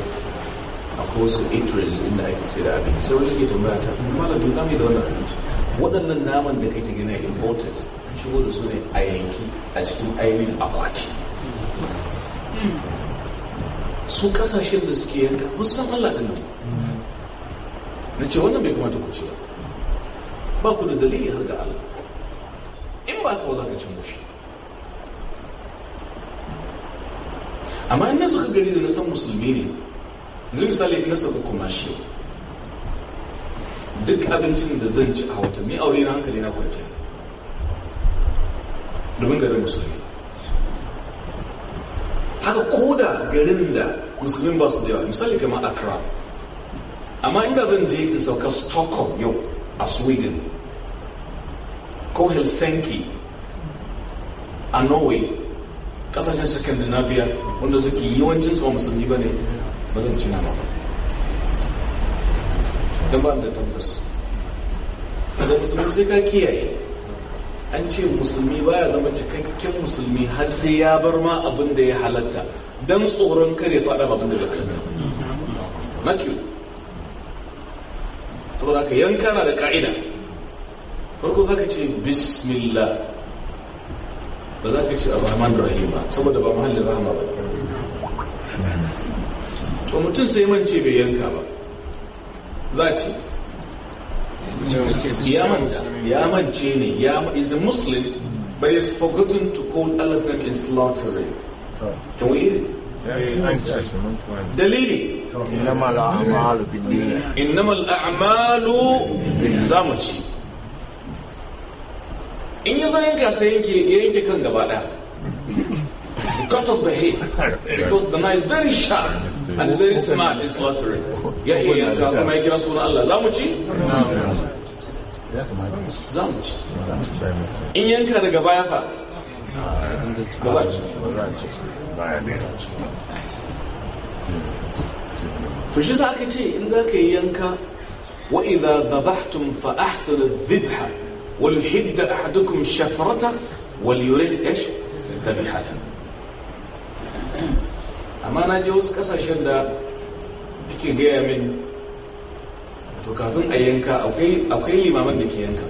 akwai wasu acreage inda ake sai da abinci sai wani ke tambaya ta malam to zamu yi da wannan abinci waɗannan naman da ta gina imported shigo da su ne a yanki a cikin ainihin akwati su kasashen da suke yanka mun san Allah ɗin nan na ce wannan bai kamata ku ci ba ba ku da dalili har ga Allah in ba ka za ka cin mushi amma in na suka gani da na san musulmi ne yanzu misali na sauka kuma shi duk abincin da zan ci a wata mai aure na hankali na kwanciya domin garin musulmi haka koda garin da musulmi ba su da yawa misali kama accra amma inda zan je in sauka stockholm yau a sweden ko helsinki a norway kasashen scandinavia wanda suke yawancin tsawon musulmi ba ne ba zan tuna ba don ba da tabbas da musulmi sai ka kiyaye an ce musulmi baya zama cikakken musulmi har sai ya bar ma abin da ya halatta don tsoron kare faɗa abin da ya halatta makiyu saboda ka yanka na da ka'ida farko za ka ce bismillah ba za ka ce abu rahim ba saboda ba mahallin rahama ba to mutum sai mance bai yanka ba za a ce ya mance ne ya is a muslim but he's forgotten to call Allah's name in slaughtering can we hear it dalili innamal a'malu binniyat innamal a'malu zamuci in yi zo yanka sai yanke kan gaba daya cut off the head because the knife is very sharp الذي smart is lottery ya iya yanka kuma ya kira sunan Allah za mu ci? za mu ci in yanka daga baya fa ba za ci to shi za ka ce in za ka yi yanka وإذا ذبحتم فأحسن الذبح وليحد أحدكم شفرته وليريد إيش amma na je wasu kasashen da ake gaya min to kafin a yanka akwai limaman da ke yanka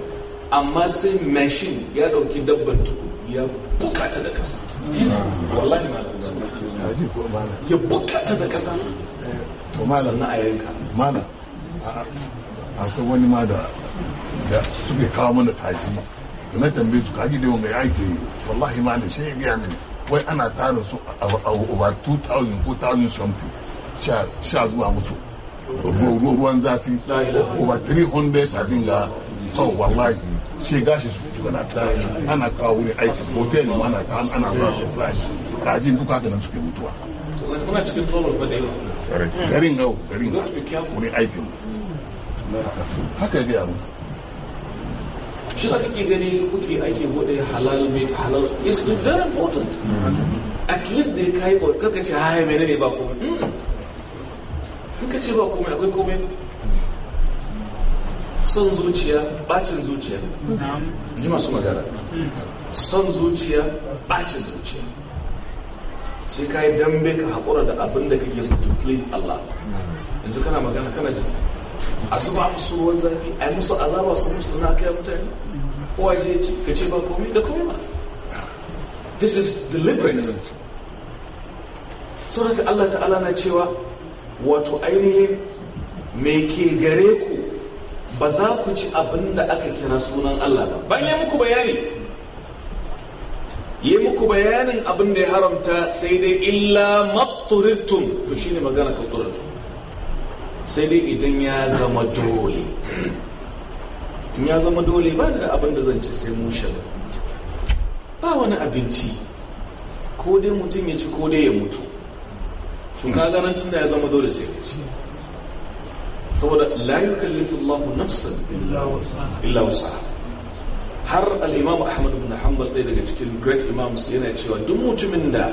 amma sai mashin ya ɗauki dabbar tuku ya bukata da kasa wallahi malam ya bukata da kasa sannan a yanka mana akwai wani ma da suke kawo mana kaji na tambayi su kaji da yau mai ke wallahi malam sai ya gaya mini wai ana tara su over 2000 ko 1000 something sha zuwa musu ruwan zafi over 300 abin ga to wallahi shi gashi su fito ana kawo wuri aiki hotel ma ana kawo ana kawo supplies kajin duka da nan suke mutuwa kuna cikin trouble ba da garin yau garin wuri haka ya gaya mu shi da kake gani kuke ake bude halal mai halal is very important at least dai kai ko kaka ce hai mai ne ba komai kaka hmm. ce ba komai akwai komai son zuciya bacin zuciya ji masu magana son zuciya bacin zuciya sai ka yi dambe ka haƙura da abin da kake so to please Allah yanzu kana magana kana ji a ba musu ruwan zafi a yi musu azaba su musu na kai mutane kowa je ci ka ce ba da this is deliverance sau da Allah ta'ala na cewa wato ainihin me ke gare ku ba za ku ci abin aka kira sunan Allah ba Ban ya muku bayani yi muku bayanin abinda ya haramta sai dai illa matturirtum to shine magana kalturirtum sai dai idan ya zama dole in ya zama dole ba da abin da zan ci sai mushen ba wani abinci ko dai mutum ya ci ko dai ya mutu tun ka ganin tun ya zama dole sai ka ci saboda la yukallifu Allahu nafsan illa wasa har al-Imam Ahmad ibn Hanbal ɗaya daga cikin great imams yana cewa duk mutumin da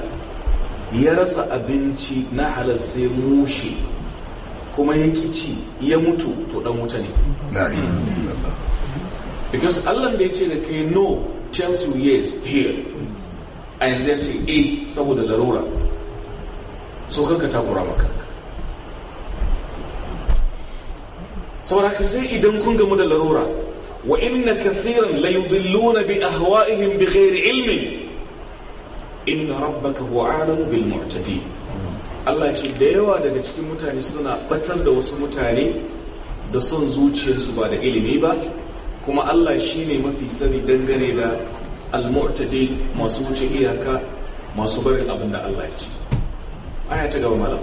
ya rasa abinci na halal sai mushe kuma ya ci ya mutu to dan wuta ne because Allah da ya ce da kai no chance you yes here a yanzu ya ce a eh, saboda larura so kanka takura maka saboda ka sai idan kun gamu da larura wa inna kathiran la yudilluna bi ahwa'ihim bi ghairi ilmin inna rabbaka huwa alamu bil mu'tadi Allah ce da yawa daga cikin mutane suna batar da wasu mutane da son zuciyarsu ba da ilimi ba kuma Allah shi ne mafi sani dangane da al-mu'tadi masu wuce iyaka masu barin abin da Allah ce aya ta gaba malam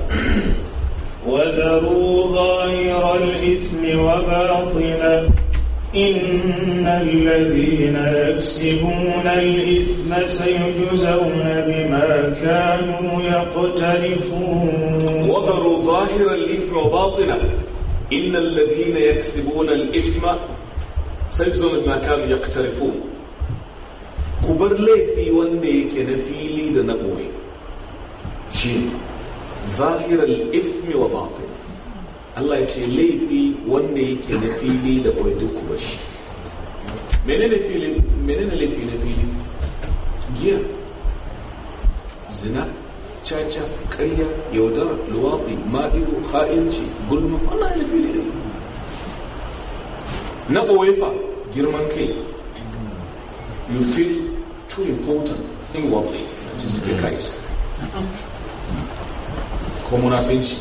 وذروا ظاهر الإثم وباطنه إن الذين يكسبون الإثم سيجزون بما كانوا يقترفون وذروا ظاهر الإثم وباطنه إن الذين يكسبون الإثم سيجدون ما كانوا يقترفون كبر لي في وني كان في لي نبوي شين ظاهر الإثم وباطن الله يتشي لي في وني كان في لي دنبوي دوكو بشي منين في لي منين لي في نبي لي جيا زنا تشاتشا كريا يودر لواطي مائل خائن شي ما الله اللي في لي na ɓoyefa girman kai you feel too important in inwardly to the isa ko munafinci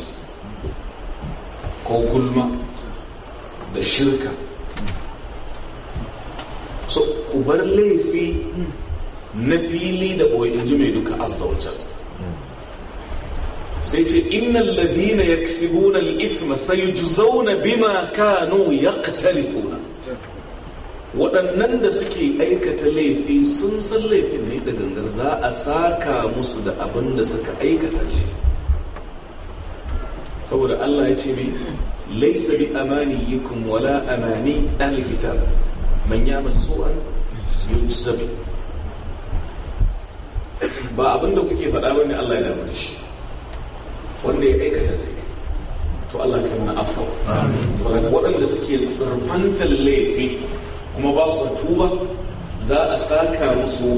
ko gulma da shirka so ku bar laifi na fili da ɓoye in ji mai duka azza sai ce innal ladina yaksibuna al-ithma sayujzauna bima kanu yaqtalifuna waɗannan da suke aikata laifi sun san laifin ne da gangar za a saka musu da abin da suka aikata laifi saboda Allah ya ce mai laisa bi amaniyikum wala amani ahli kitab man yamal su'an yujzabi ba abin da kuke faɗa bane Allah ya damu da shi wanda ya aikata zai to Allah ka mana afro waɗanda suke tsarfantar laifi kuma ba su tuba za a saka musu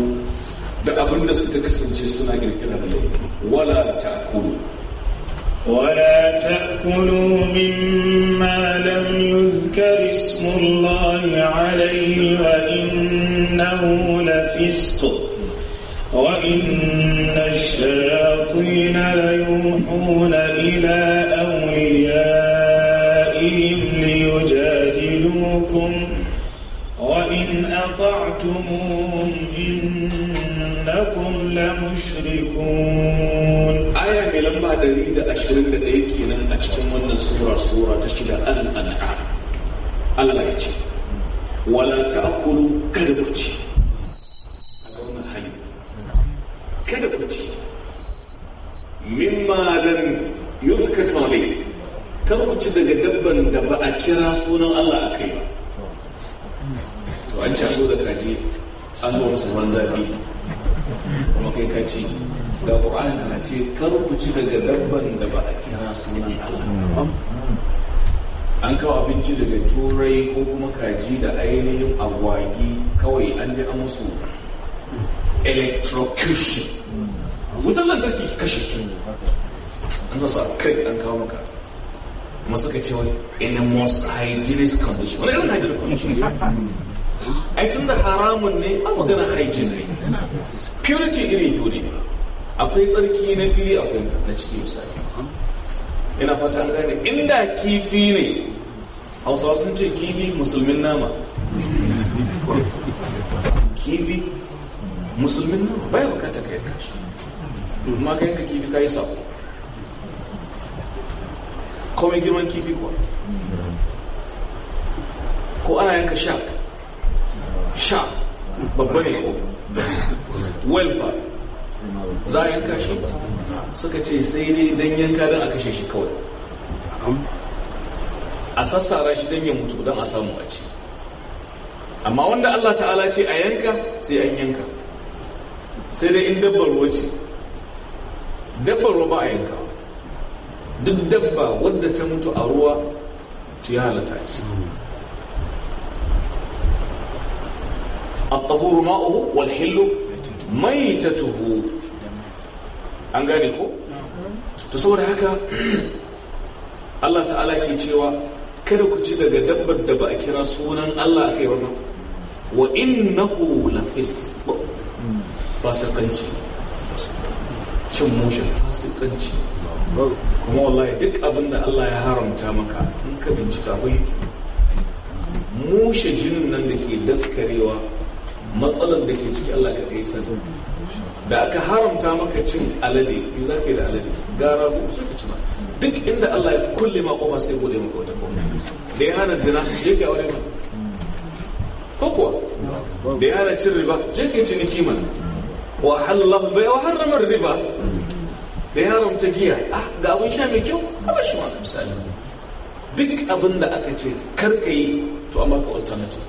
da abin da suka kasance suna kirkira da laifi wala ta'kulu ولا تأكلوا مما لم يذكر اسم الله عليه وإنه لفسق وإن الشياطين ليوحون إلى أوليائهم ليجادلوكم وإن أطعتموهم إنكم لمشركون آية ملما دليل أشرين لديك ينم أجتم من سورة سورة تشكيل الأنعام الله يجب ولا تأكلوا كذبتي mimma dan yuzkar alayhi kan ku ci daga dabban da ba a kira sunan Allah a kai ba to an ci da kaji an zo musu zafi kuma kai ka ci da Qur'ani na ce kan ku ci daga dabban da ba a kira sunan Allah an kawo abinci daga turai ko kuma kaji da ainihin agwagi kawai an je an musu electrocution wutar lantarki kashe su an zasu a kai an kawo maka kuma suka ce wani in a most hygienic condition wani irin hygienic condition ai tun da haramun ne ba magana hygiene ne purity irin biyu ne akwai tsarki na fili akwai na ciki misali ina fata an gane inda kifi ne hausawa sun ce kifi musulmin nama kifi musulmin nama bai bukata ka yi kashi. domin ka yanka kifi ka yi sabo kawai girman kifi kuwa ko ana yanka shark shark babba ne ko welfa za a yanka shi suka ce sai dai don yanka don a kashe shi kawai a sassara shi don ya mutu don a samu a ci amma wanda allah ta'ala ce a yanka sai an yanka sai dai in dabbar wace ce dabbar ruwa ba a yanka duk dabba wadda ta mutu a ruwa tu ya halatta ce الطهور mai ta tuhu. an gane ko to saboda haka Allah ta'ala ke cewa kada ku ci daga dabbar da ba a kira sunan Allah kai ba wa innahu lafis fasikanci cin mushe fasikanci kuma wallahi duk abin da Allah ya haramta maka in ka bincika bai mushe jinin nan da ke daskarewa matsalan da ke ciki Allah ka kai sani da aka haramta maka cin alade in za ka yi da alade gara ko ka ci ba duk inda Allah ya kulle ma kofa sai bude maka wata kofa da ya hana zina je ka aure ma ko kuwa da ya hana cin riba je ka yi ciniki mana wa halallahu bai riba da ya ta giya ah ga abin sha mai kyau a bashi misali duk abin da aka ce karka yi to amma ka alternative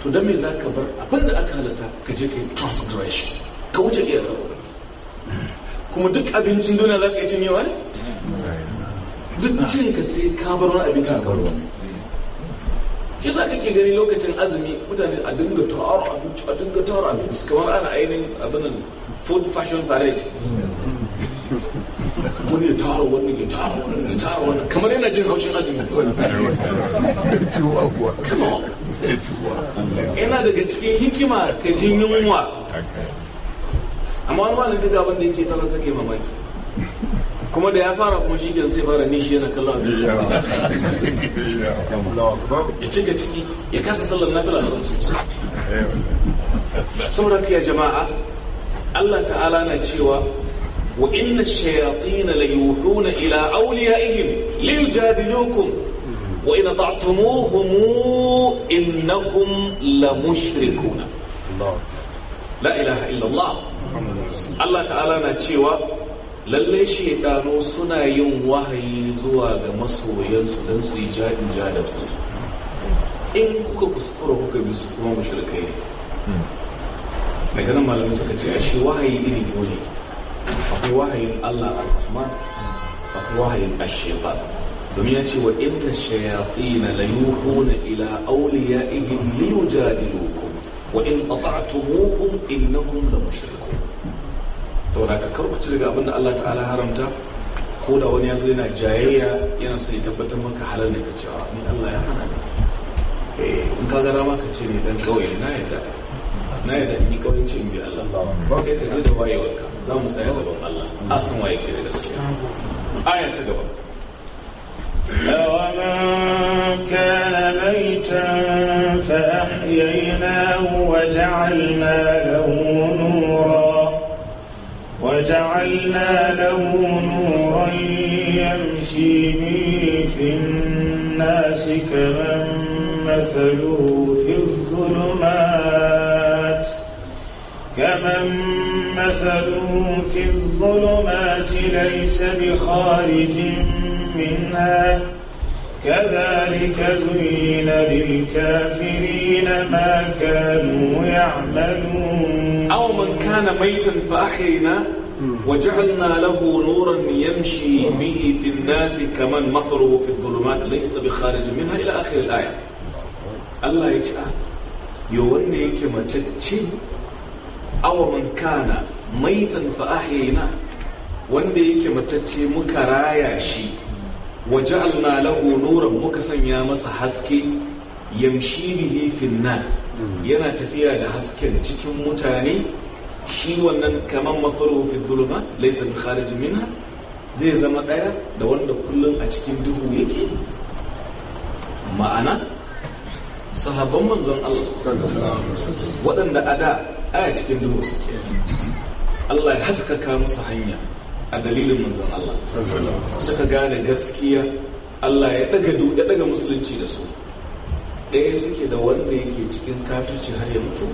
to don me za ka bar abin da aka halatta ka je ka yi transgression ka wuce iya ka kuma duk abincin duniya za ka yi cin yawa ne duk cin ka sai ka bar wani abincin ka bar wani shi sa kake gani lokacin azumi mutane a dinga tawar abinci a dinga tawar abinci kamar ana ainihin abinan food fashion parade wani ya tara wani ya tara wani ya tara wani kamar yana jin haushin azumi yana daga cikin hikima ka jin yunwa amma wani malin duk abin da yake tara sake mamaki kuma da ya fara kuma shi sai fara nishi yana kallon abinci ya cika ciki ya kasa sallar nafila a sallar sosai saboda ya jama'a Allah ta'ala na cewa wa inna shayatina la yuhuna ila awliyaihim li yujadilukum wa in ata'tumuhum innakum la mushrikuna la ilaha illa Allah Allah ta'ala na cewa lallai shaidano suna yin wahayi zuwa ga masoyansu don su yi jaɗin ja da ku in kuka kuskura kuka bi su kuma mushrikai ne daga nan malamai suka ce shi wahayi iri biyu ne akwai wahayin Allah ar-Rahman akwai wahayin ash-shaytan domin ya ce wa shayafi na la na ila awliyaihim liyujadilukum wa in ata'tumuhum innakum la mushrikun saboda ka ci daga abin da Allah ta'ala haramta ko da wani ya zo yana jayayya yana sai tabbatar maka halar ne ka cewa ni Allah ya hana ni eh, in ka rama ka ce ne dan kawai na yadda na yadda in kawai ce bi Allah ba kai ka da wayewarka za mu saya gaban Allah a san waye ke da gaskiya aya ta gaba أومن كان ميتا فأحييناه وجعلنا له وجعلنا له نورا يمشي به في الناس كمن مثله في الظلمات كمن مثله في الظلمات ليس بخارج منها كذلك زين للكافرين ما كانوا يعملون أو من كان ميتا فأحييناه وجعلنا له نورا يمشي به في الناس كمن مثره في الظلمات ليس بخارج منها الى اخر الايه الله يجعل يو wanda yake matacce awa man kana maitan fa ahyayna wanda yake matacce muka raya shi وجعلنا له نورا muka sanya masa haske yamshi bihi yana tafiya da hasken cikin mutane shi wannan kaman mafaruhu fi dhuluma laysa bi kharij minha zai zama daya da wanda kullum a cikin duhu yake ma'ana sahabban manzon Allah waɗanda a da aya cikin duhu suke Allah ya haskaka musu hanya a dalilin manzon Allah suka gane gaskiya Allah ya daga ya daga musulunci da su ɗaya suke da wanda yake cikin kafirci har ya mutu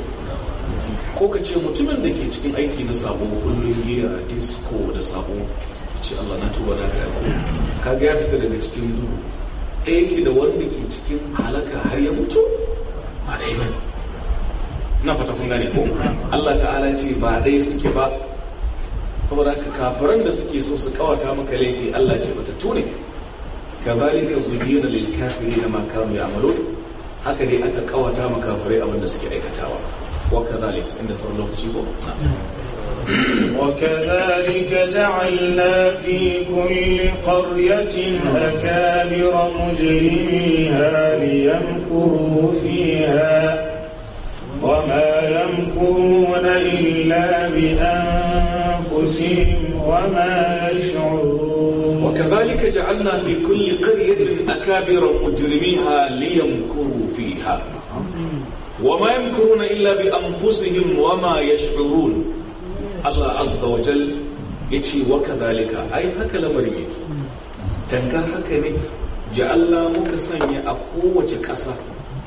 ko ka ce mutumin da ke cikin aiki na sabo kullum giya disco da sabo ce Allah na tuba na kai ko Ka gaya fita daga cikin duhu ɗaya ke da wanda ke cikin halaka har ya mutu ba ɗaya ba ne na fata kun gane ko Allah ta'ala ce ba ɗaya suke ba saboda ka kafiran da suke so su kawata maka laifi Allah ce bata tune kazalika zuyina lil kafirin ma kanu ya'malun haka dai aka kawata maka kafirai abin suke aikatawa وكذلك إن صار لو بجيبه نعم. وكذلك جعلنا في كل قرية أكابر مجرميها ليمكروا فيها وما يمكرون إلا بأنفسهم وما يشعرون وكذلك جعلنا في كل قرية أكابر مجرميها ليمكروا فيها wa ma yamkuruna illa bi anfusihim wa ma yash'urun Allah azza wa jal ya ce wa kadhalika ai haka lamarin yake tankar haka ne Allah muka sanya a kowace ƙasa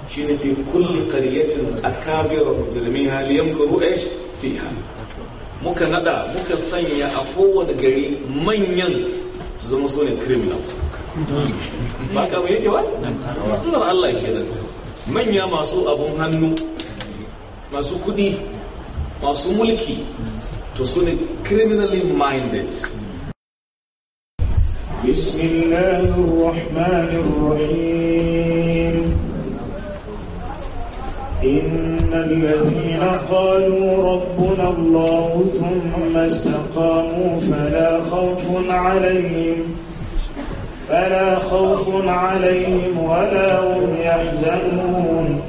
shine fi kulli qaryatin akabir mujrimiha shi fi fiha muka nada muka sanya a kowane gari manyan su zama su ne criminals ba ka yake ba? sunar Allah kenan manya masu abun hannu masu kudi masu mulki to su ne criminally minded بسم الله الرحمن الرحيم إن الذين قالوا ربنا الله ثم استقاموا فلا خوف عليهم فلا خوف عليهم ولا هم يحزنون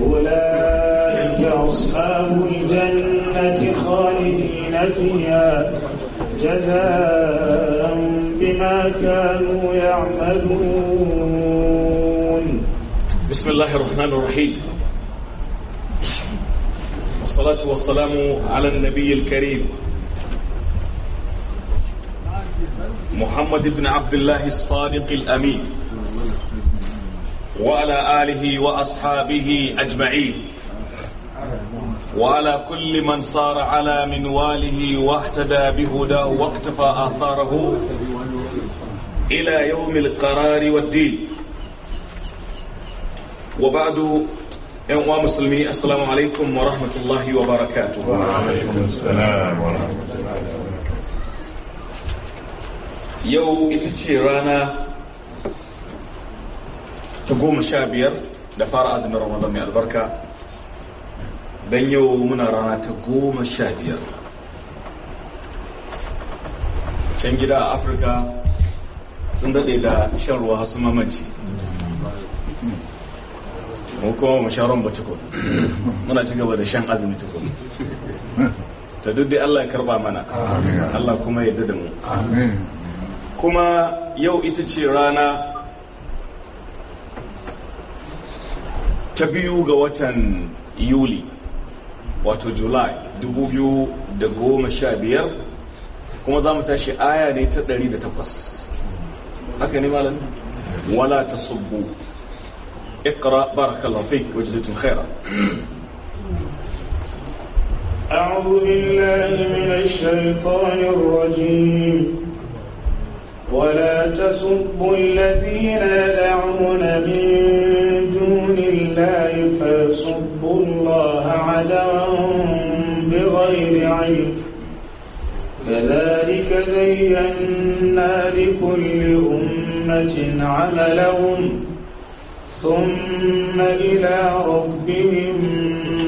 أولئك أصحاب الجنة خالدين فيها جزاء بما كانوا يعملون بسم الله الرحمن الرحيم والصلاة والسلام على النبي الكريم محمد بن عبد الله الصادق الأمين وعلى آله وأصحابه أجمعين وعلى كل من صار على منواله واهتدى بهداه واقتفى آثاره إلى يوم القرار والدين وبعد يوم مسلمين السلام عليكم ورحمة الله وبركاته وعليكم السلام ورحمة الله yau ita ce rana ta goma sha biyar da fara azumin ramadan mai albarka don yau muna rana ta goma sha biyar can gida a afirka sun daɗe da shan ruwa hasu mamaci mu kuma mu sharon ba tukun muna ci gaba da shan azumi tukun ta duk dai allah ya karba mana allah kuma ya da mu amin kuma yau ita ce rana ta biyu ga watan yuli wato july 2015 kuma za mu tashi aya ne ta 108 haka ne malam wala ta subbu اقرأ بارك الله فيك khaira. خيرا أعوذ بالله من الشيطان الرجيم ولا تسبوا الذين يدعون من دون الله فيسبوا الله عدوا بغير علم كذلك زينا لكل أمة عملهم ثم إلى ربهم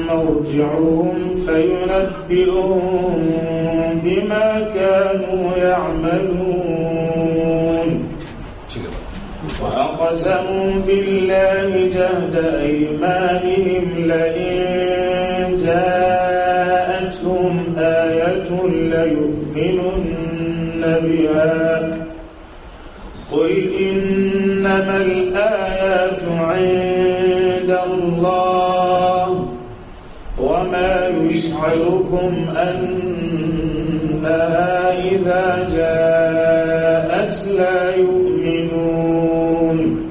مرجعهم فينبئهم بما كانوا يعملون وقسموا بالله جهد أيمانهم لئن جاءتهم آية ليؤمنن بها قل إنما الآيات عند الله وما يشعركم أنها إذا جاءت لا يؤمنون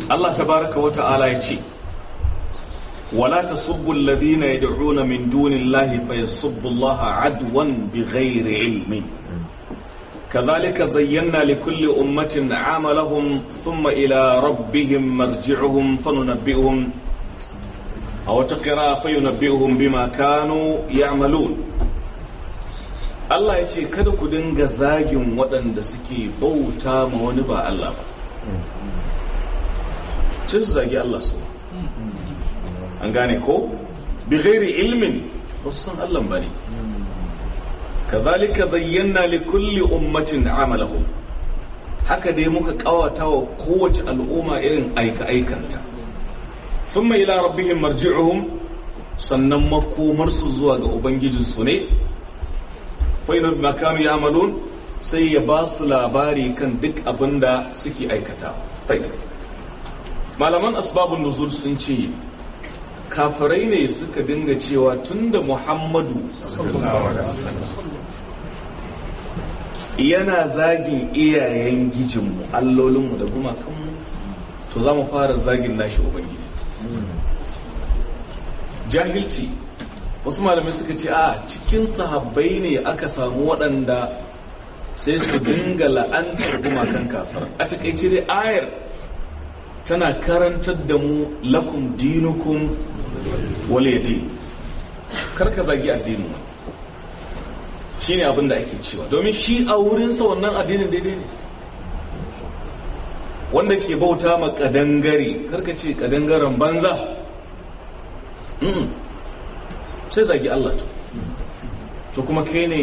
Allah tabaraka wa ta'ala ya ce wala tasubbu alladhina yad'una min dunillahi fa yasubbu Allah adwan bighairi ilmin kadhalika zayyana likulli ummatin amalahum thumma ila rabbihim marji'uhum fanunabbi'uhum aw taqira fa yunabbi'uhum bima kanu ya'malun Allah ya ce kada ku dinga zagin waɗanda suke bauta ma wani ba Allah ba sai su zagi Allah su an gane ko bi ghairi ilmin ba Allah ba ne kazalika zayyana li kulli ummatin amalahum haka dai muka kawata wa kowace al'umma irin aika aikanta thumma ila rabbihim marji'uhum sannan makomarsu zuwa ga ubangijinsu ne fainar makami ya amalun sai ya ba su labari kan duk abinda suke aikata malaman asbabun nuzul sun ce kafirai ne suka dinga cewa tun da muhammadu yana zagin iyayen gijinmu allolinmu da gumakanmu to za mu fara zagin nashi ubangiji jahilci wasu malamai suka ce a cikin sahabbai ne aka samu waɗanda sai su dinga la'antar gumakan kafar a takaice dai ayar tana karantar da mu lakum dinukum waliyati kar ka zagi addinin ne abin da ake cewa domin shi a wurinsa wannan addinin daidai ne wanda ke bauta ma kadangare karka ce kadangaren banza sai zagi Allah to to kuma kai ne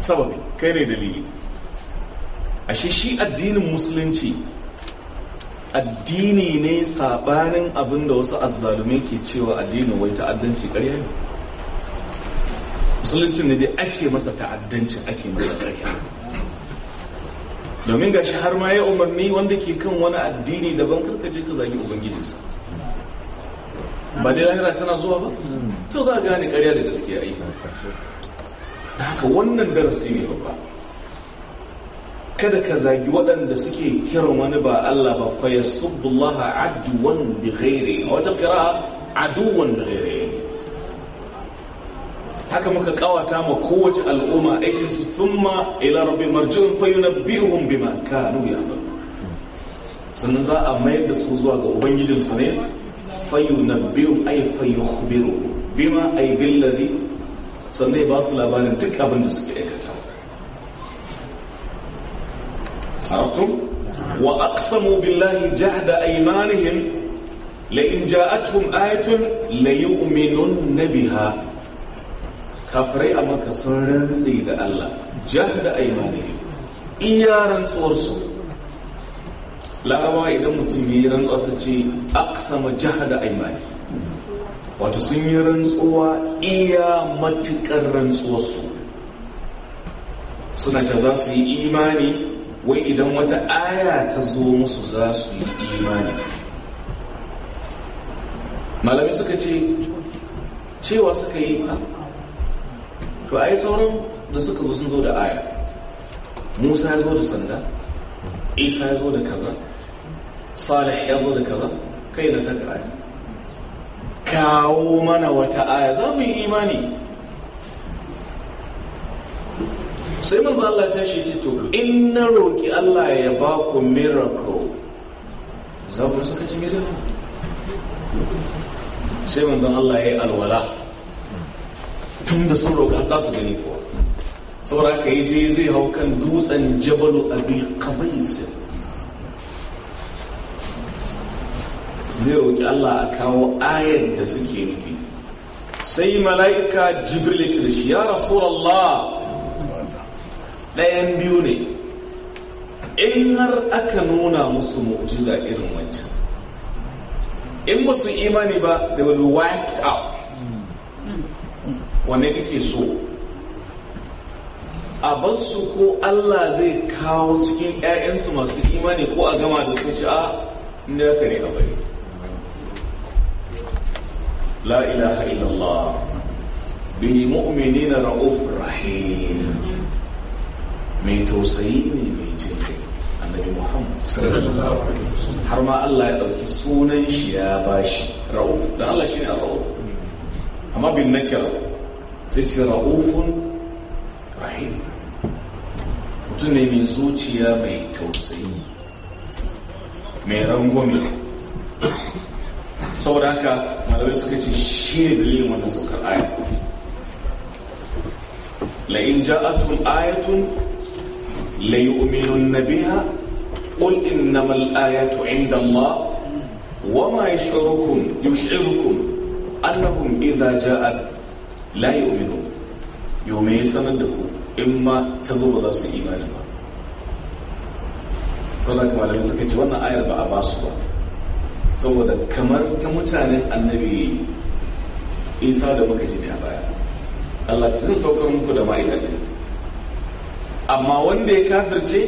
sababi kai ne dalili ashe shi addinin musulunci addini ne sabanin abin da wasu azzalumai ke cewa addinin wai ta'addanci ƙarya ne musuluncin ne dai ake masa ta'addanci ake masa ƙarya domin ga shi har ma ya umarni wanda ke kan wani addini daban karkace ka zagi ubangijinsa ba dai lahira tana zuwa ba to za a gane ƙarya da gaskiya ai da haka wannan darasi ne babba kada ka zagi waɗanda suke kiran wani ba Allah ba fa Allah aduwan bi ghairi a wata kira aduwan bi ghairi haka muka kawata ma kowace al'umma aikin su thumma ila rabbi marji'un fa yunabbihum bima kanu ya'malun sannan za a mayar da su zuwa ga ubangijin sa ne fa yunabbihum ay fa yukhbiru bima ay billadhi sannan ba su labarin duk abin da suke aikata عرفتم وأقسموا بالله جهد أيمانهم لئن جاءتهم آية ليؤمنن بها kafirai a maka sun rantse da Allah jahda aimanihim iya rantsuwarsu larabawa idan mutum ya yi rantsuwa su ce aksama jahda aimani wato sun yi rantsuwa iya matukar rantsuwarsu suna ce za su yi imani wai idan wata aya ta zo musu za su yi imani Malami suka ce cewa suka yi to a yi sauran da suka zo sun zo da aya musa ya zo da sanda isa ya zo da kaza salih ya zo da kaza kai na ta aya kawo mana wata aya za mu yi imani sai manzo Allah ta shi ce to in na roki Allah ya ba ku miracle za ku saka cikin gidan sai manzo Allah ya yi alwala tun da sun roka za su gani kuwa saboda ka yi je zai hau kan dutsen jabalu abi qabais zai roki Allah a kawo ayar da suke nufi sai mala'ika jibril ya ce da shi ya rasu Allah ɗayan biyu ne in har aka nuna musu mu'jiza irin wancan in ba su imani ba da will be wiped out wane kake so a basu ko Allah zai kawo cikin 'ya'yansu masu imani ko a gama da su ci a inda ya kare a bari la ilaha illallah bil mu'minina ra'ufur rahim mai tausayi ne mai jin kai annabi muhammad sallallahu alaihi wasallam har ma Allah ya ɗauki sunan shi ya bashi rauf dan Allah shine rauf amma bin nakira sai ce raufun rahim mutum ne mai zuciya mai tausayi mai rangwame saboda haka malamai suka ce shi ne dalilin wannan saukar aya la'in ja'atun ayatun ليؤمنن بها قل إنما الآية عند الله وما يشعركم يشعركم أنهم إذا جاءت لا يؤمنون يومي سندكم إما تزور ذا إيمانا sannan kuma malamin suka ce wannan ayar ba a ba su ba saboda kamar ta mutanen annabi isa da muka ji ne a baya Allah ce zan saukar muku da ma'aikatan amma wanda ya kafirce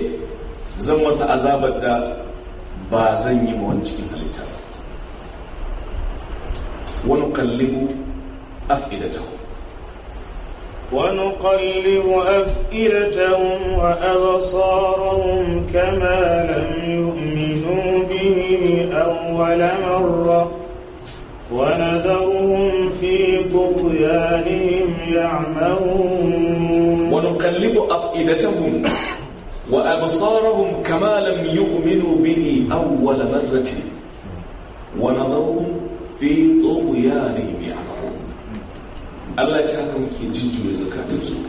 zan masa azabar da ba zan yi mawan cikin halitta ba wani kallibu afidatahu ونقلب أفئدتهم وأبصارهم كما لم يؤمنوا به أول مرة ونذرهم في طغيانهم يعمهون ونقلب أفئدتهم وأبصارهم كما لم يؤمنوا به أول مرة ونظرهم في طغيانهم يعمهون الله تعالى مكي جنجو زكاة الزو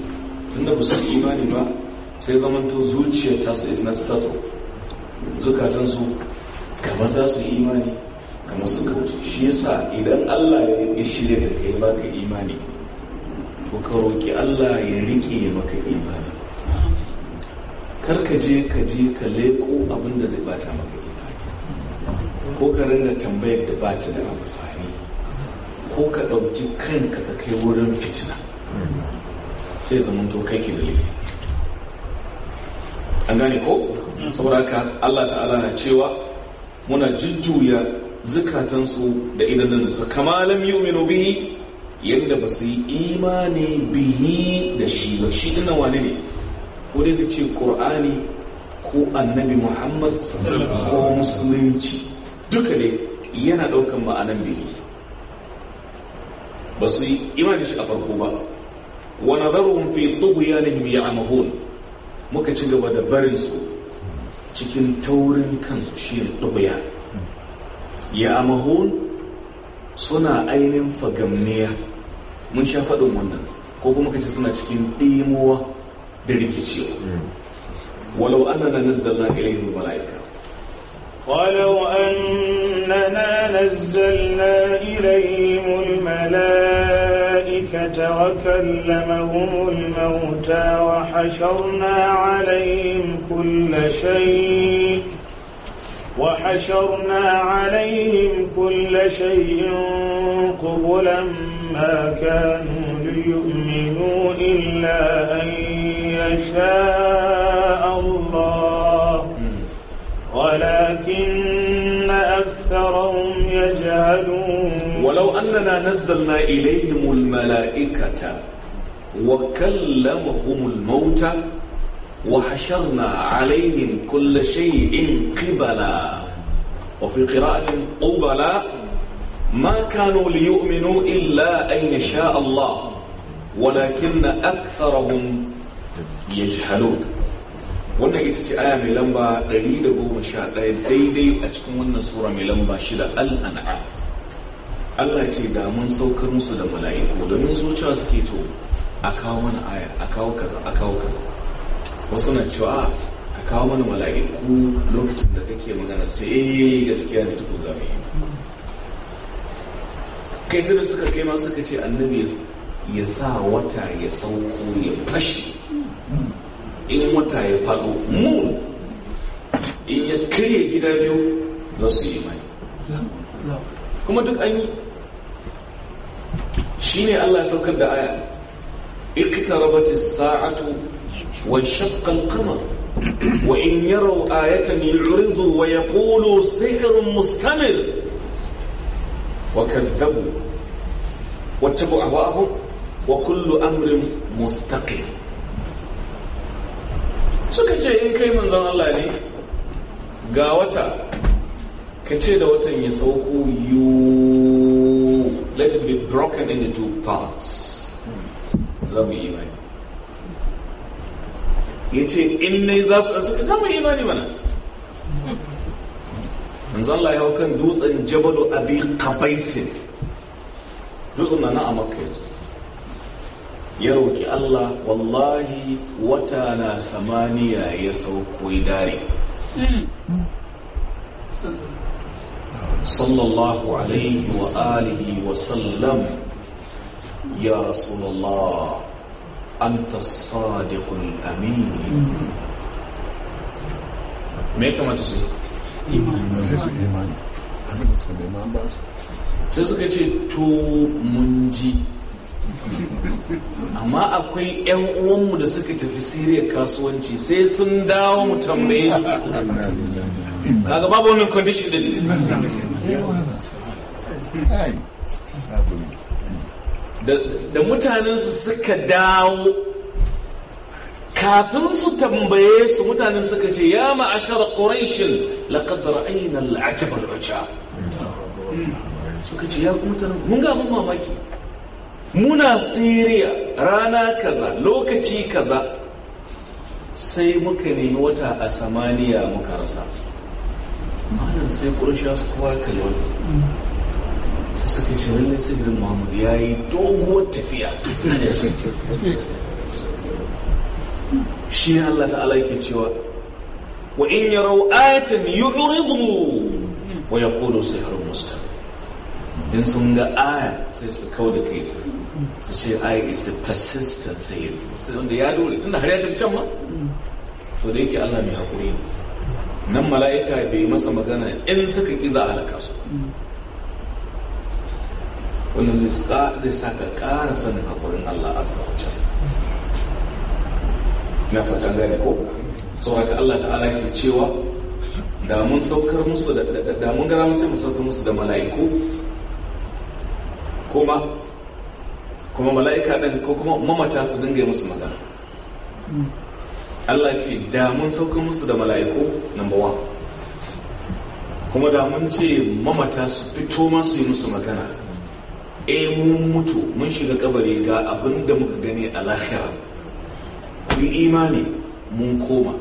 tunda ba su imani ba sai zamanto zuciyar tasu is not subtle zukatansu kamar za su imani kamar suka wuce idan allah ya shirya da kai baka imani to ka roƙi Allah ya riƙe maka imani kar ka je ka je ka leƙo abin da zai bata maka imani ko ka rinda tambayar da bata da amfani ko ka ɗauki kanka ka kai wurin fitina sai zaman to kai ke da laifi an gane ko saboda haka Allah ta'ala na cewa muna jujjuya zikatansu da idanunsu kama lam yu'minu bihi yadda ba su yi imani bihi da shi ba shi dana wane ne ko da ce ƙur'ani ko annabi muhammad ko musulunci duka ne yana ɗaukan ma'anan bihi ba su yi imani shi a farko ba wani zarurin fi tughyanihim amahun muka ci gaba da barin su cikin taurin kansu shi ya tughyan ya'mahun suna ainihin fagamniya mun sha faɗin wannan ko kuma kace suna cikin ɗimuwa da rikici walau annana nazzalna ilayhi malaika walau ولو أننا نزلنا إليهم الملائكة وكلمهم wa hasharna alayhim kull شيء وحشرنا عليهم كل شيء قبلا ما كانوا ليؤمنوا إلا أن يشاء الله ولكن أكثرهم يجهلون ولو أننا نزلنا إليهم الملائكة وكلمهم الموتى وحشرنا عليهم كل شيء قبلا وفي قراءة قبلا ما كانوا ليؤمنوا إلا أن يشاء الله ولكن أكثرهم يجهلون wannan ita ce aya mai lamba 111 daidai a cikin wannan tsoron mai lamba shida al'an'a Allah ce da mun saukar musu da mala'iku domin zuciya suke to a kawo mana aya a kawo kaza a kawo kaza wasu na cewa a kawo mana mala'iku lokacin da kake magana sai yi eh, gaskiya ne tukun zamu yi kai sai da suka kai ma suka ce annabi ya sa wata ya sauko ya fashi in wata ya faɗo mu in ya karye gida biyu za su yi mai kuma duk an yi shi ne allah ya saukar da aya Ikita rabatis sa'atu وانشق القمر وإن يروا آية يعرضوا ويقولوا سحر مستمر وكذبوا واتبعوا أهواءهم وكل أمر مستقيم suka ce in kai manzon Allah ne ga wata ka ce da watan ya sauko you let it be broken into parts za mu yi imani ya ce in ne za ku suka za mu imani mana manzo Allah ya hau kan dutsen jabalu abi qabaisin dutsen na a ya roƙi Allah wallahi wata na samaniya ya sauko ya dare sallallahu alaihi wa alihi wa sallam ya rasulallah. anta sadiqul amin me yi sai suka ce to mun ji amma akwai 'yan uwanmu da suka tafi siriya kasuwanci sai sun dawo mu tambaye su kaga babu wannan condition da da mutanensu suka dawo kafin su tambaye su mutanen suka ce ya ma'ashar ƙorashin laƙadar ainihin la'ajabar raja suka ce ya mutanen mun ga mamaki muna siriya rana kaza lokaci kaza sai muka nemi wata a samaniya muka rasa malam sai ƙorashiya su kowa kalli wani suka ce lallai sihirin mahmud ya yi doguwar tafiya shi Allah ta'ala yake cewa wa in yarau ayatan yu'ridu wa yaqulu sihrun musta in sun ga aya sai su kau da kai su ce aya is a persistent sihir sai wanda ya dole tunda har ya tafi can ma to da yake Allah mai haƙuri nan mala'ika bai masa magana in suka a halaka su wanda zai sa ka ƙara sanin haƙurin Allah azza wa jalla na fatan gani ko haka Allah ta'ala ke cewa da mun saukar musu da da mun gara musu mu saukar musu da mala'iku kuma kuma mala'ika din ko kuma mamata su dinga musu magana Allah ce da mun saukar musu da mala'iku number one kuma da mun ce mamata su fito masu yi musu magana eh mun mutu mun shiga kabari ga abin da muka gani a lahira ku imani mun koma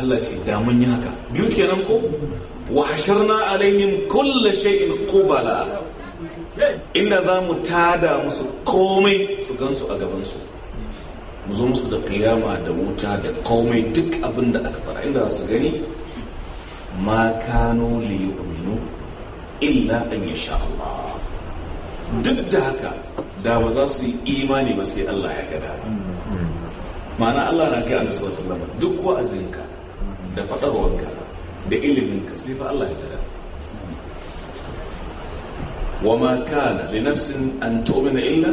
Allah ce da mun yi haka biyu kenan ko wa hasharna alaihim kullu shay'in qubala inda za mu tada musu komai su gansu a gabansu mu zo musu da kiyama da wuta da komai duk abin da aka fara inda su gani ma kano li yu'minu illa an yasha Allah duk da haka da ba za su yi imani ba sai Allah ya gada ma'ana Allah na gaya a sallallahu duk wa'azinka da fadarwanka da iliminka sai fa Allah ya tada wa ma kana li nafsin an tu'mina illa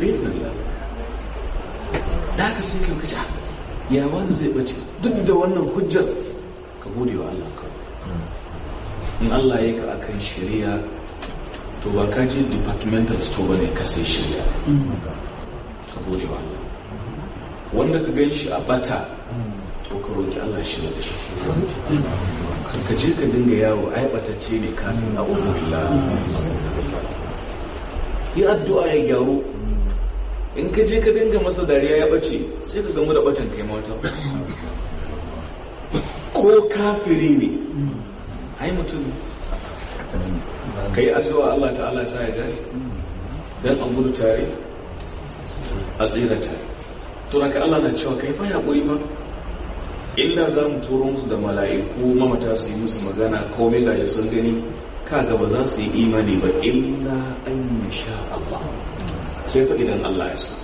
bi idhnillah da ka sai ka kaja ah, ya wani zai bace duk da wannan hujjar ka gode wa Allah ka in Allah ya ka akan shari'a to ba ka je departmental store ba ne ka sai shirya ka gode wa wanda ka gan shi a bata to ka roƙi Allah shi da shi ka je ka dinga yawo ai batacce ne kafin na billah yi addu'a ya gyaru in ka je ka dinga masa dariya ya bace sai ka gamu da batan kai mata ko kafiri ne ai mutum ka yi Allah ta'ala sa ya dace don an gudu tare a tsira tare to ka Allah na cewa kai fa yaƙuri ba illa za mu turo musu da mala'iku mamata su yi musu magana ko mai gashi sun gani kaga ba za su yi imani ba illa an sha Allah sai fa idan Allah ya so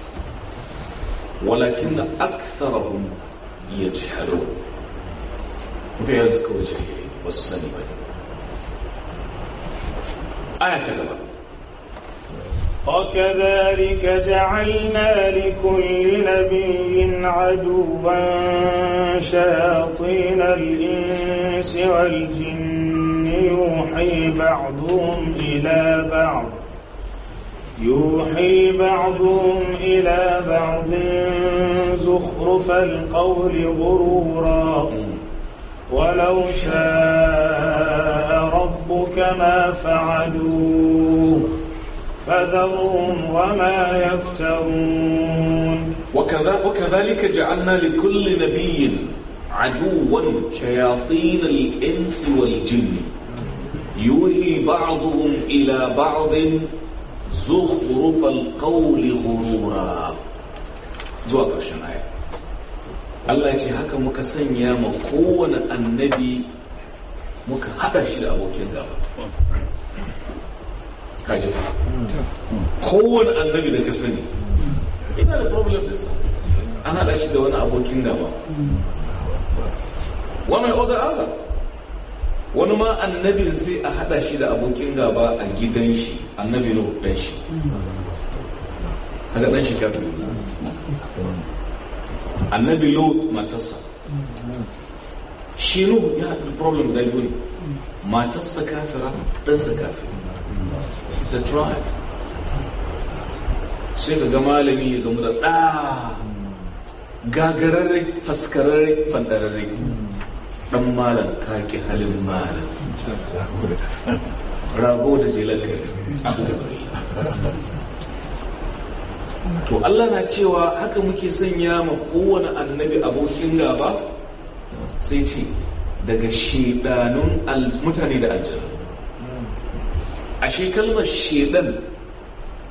walakin na aktharahum yajhalun mutane suka wuce ba su sani ba ne أنا آية تقرأ وكذلك جعلنا لكل نبي عدوا شياطين الإنس والجن يوحي بعضهم إلى بعض يوحي بعضهم إلى بعض زخرف القول غرورا ولو شاء ربك ما فعلوه فذرهم وما يفترون وكذا وكذلك جعلنا لكل نبي عدوا شياطين الإنس والجن يوهي بعضهم إلى بعض زخرف القول غرورا زواكر شنايا Allah ce haka muka sanya ma kowane annabi muka haɗa shi da abokin gaba kaji fa kowane annabi da ka sani ina da problem da sa an haɗa shi da wani abokin gaba wani oga aza wani ma annabin sai a haɗa shi da abokin gaba a gidan shi annabi na ɗan shi kaga ɗan shi kafin annabi lot matarsa shi nuhu ya haɗu problem guda biyu ne matarsa kafira ɗansa kafira ta tribe sai ka ga malami ya gamu da ɗa gagararre faskararre fandararre ɗan malam kaki halin malam rago da jilar kai to Allah na cewa haka muke sanya ma kowane annabi abokin gaba sai ce daga shedanun mutane da aljanu ashe kalmar shedan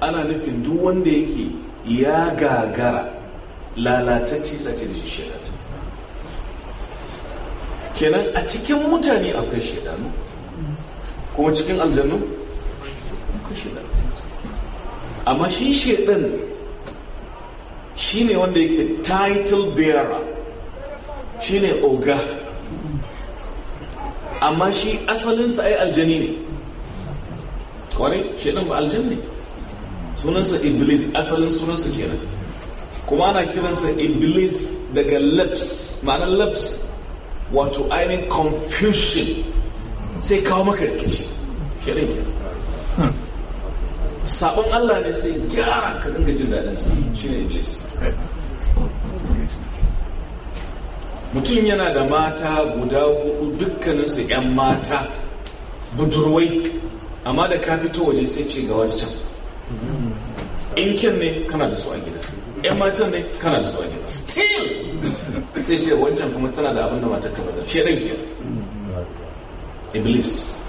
ana nufin duk wanda yake ya gagara lalatacci sace da shi kenan a cikin mutane akwai shedanu kuma cikin aljanu akwai shedanu amma shi shedan Shi ne wanda yake title bearer shi ne oga amma shi asalinsa ai aljani ne kwarai shi ɗan ba aljani ne sunansa iblis asalin sunansa kenan kuma ana kiransa iblis daga lips ma'anar lips wato ainihin confusion sai kawo maka rikici shi ɗan kenan sabon Allah ne sai gyara ka dinga jin daɗin sa ne iblis mutum yana da mata guda hudu dukkaninsu 'yan mata budurwai amma da ka fito waje sai ce ga wata can in kyan ne kana da su a gida 'yan matan ne kana da su a gida still sai ce wancan kuma tana da abin da matar ka bazar shi ɗan iblis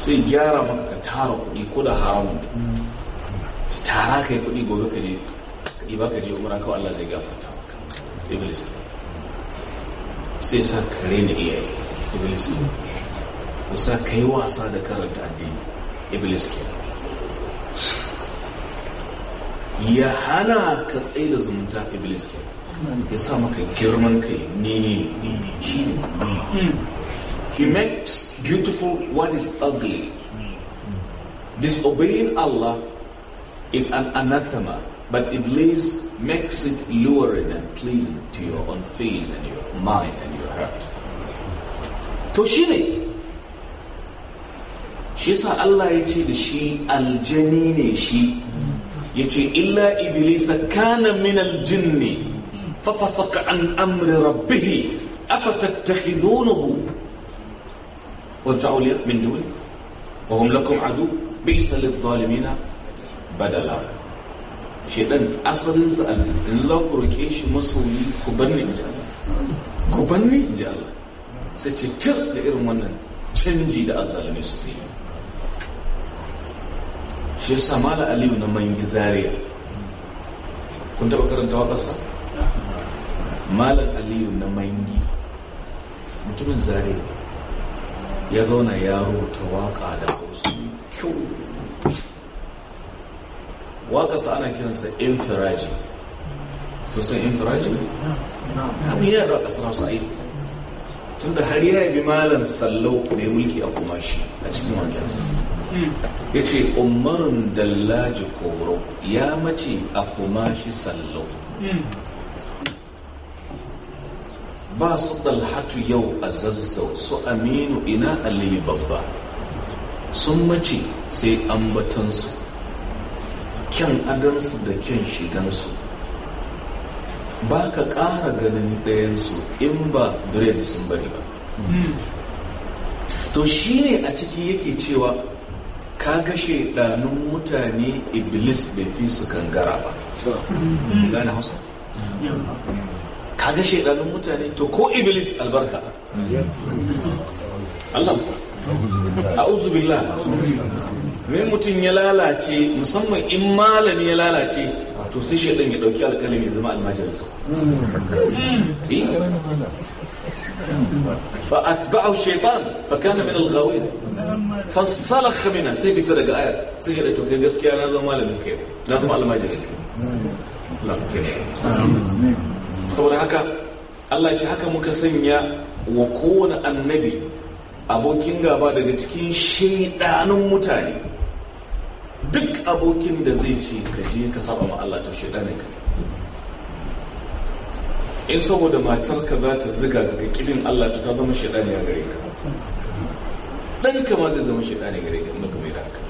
sai gyara maka ka tara kuɗi ko da haramun ne tara ka yi kuɗi gobe ka je kuɗi ba ka je umara kawai Allah zai gafarta iblis sai sa ka rena iyaye iblis ke ya sa ka yi wasa da karanta addini iblis ke ya hana ka tsaye da zumunta iblis ke ya sa maka girman kai ni ne ne shi ne hmm. He makes beautiful what is ugly. Disobeying Allah is an anathema, but Iblis makes it luring and pleasing to your own face and your mind and your heart. To shi ne, Allah ya ce da shi aljani ne shi, ya ce, Illa Iblisa kana min aljinni, fafasaka an amri rabbihi, afa tattakidonahu وارجعوا لي من دوني وهم لكم عدو بئس للظالمين بدلا shedan asalinsa a yanzu za ku roke shi masoyi ku banni in ji Allah ku banni da irin wannan canji da azalimi su yi shi yasa mala aliyu na mangi zaria kun karanta malam aliyu na mangi mutumin zaria ya zauna ya rubuta waka da wasu kyau waƙasa ana kiransa infiraji kusan infiraji? abin yana da waƙasar hausa aiki tun da har ya bi malan sallau mai mulki a shi a cikin su hmm. ya ce umarun dallaji koro ya mace a shi sallau hmm. ba su dalhatu yau a zazzau su aminu ina aliyu babba sun mace sai an ambatansu kyan adansu da kyan shigansu ba ka ƙara ganin ɗayansu in ba da sun bari ba to shi ne a ciki yake cewa ka gashe ɗanun mutane iblis bai fi su kangara ba gane hausa kaga shekarun mutane to ko iblis albarka Allah a'udhu billah mai mutum ya lalace musamman in malami ya lalace to sai shaidan ya dauki alkalami ya zama almajirinsa فأتبعه الشيطان فكان من الغاوين فانسلخ منها سي بكتر آية سي توكي قسكي أنا هذا مالي من كيف لازم ألماجي من كيف لا كيف saboda haka Allah ce haka muka sanya wa kowane annabi abokin gaba daga cikin shaidanin mutane duk abokin da zai ce ka je ka saba ma Allah to shaidanin ka in saboda matarka za ta ziga ga kilin Allah to ta zama shaidani a gare ka ka ma zai zama shaidani gare ka maka mai da haka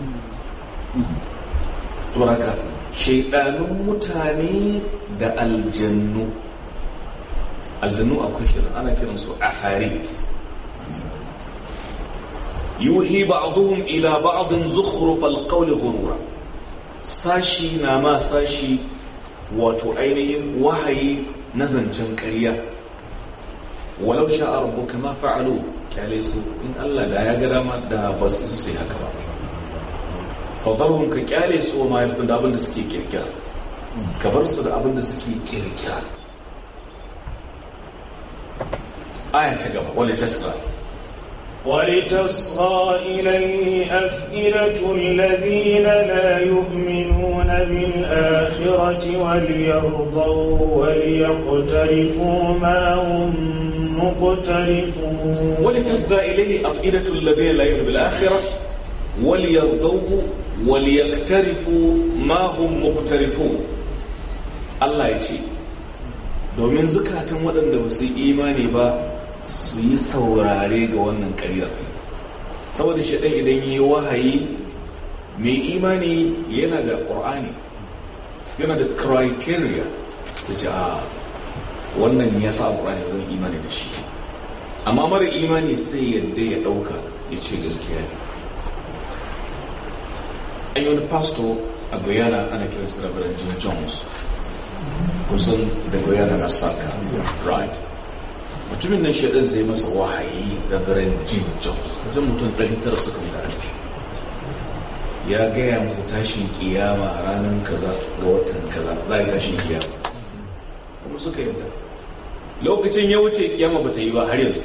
to haka shaidanun mutane da aljannu aljannu akwai kiran ana kiran su afarit yuhi ba'dhum ila ba'dhin zukhruf al ghurura sashi na ma sashi wato ainihin wahayi na zancen ƙarya walau a rabbuka kama fa'alu kyale su in Allah da ya ga dama da ba su sai haka ba fadarhum ka kyale su ma da abinda da suke kirkira ka bar su da abinda suke kirkira آية تقبل ولتسقى ولتسقى إليه أفئدة الذين لا يؤمنون بالآخرة وليرضوا وليقترفوا ما هم مقترفون ولتسقى إليه أفئدة الذين لا يؤمنون بالآخرة وليرضوا وليقترفوا ما هم مقترفون الله يجيب domin zukatan waɗanda ba su yi imani ba su yi saurare ga wannan ƙaryar saboda shaɗan idan yi wahayi mai imani yana da ƙur'ani yana da criteria ta ce a ah, wannan ya sa ƙur'ani zan imani da shi amma mara imani sai yadda ya ɗauka ya ce gaskiya ne an yi wani pastor a guyana ana kiransa da jones kusan daga na masaka right mutumin nan shaɗin zai masa wahayi da biran jim jones wajen mutum ɗari tara suka rafi ya gaya masa tashin kiyama ranar kaza ga watan kaza za a yi tashin kiyama kuma suka yarda lokacin ya wuce kiyama ba ta yi ba har yanzu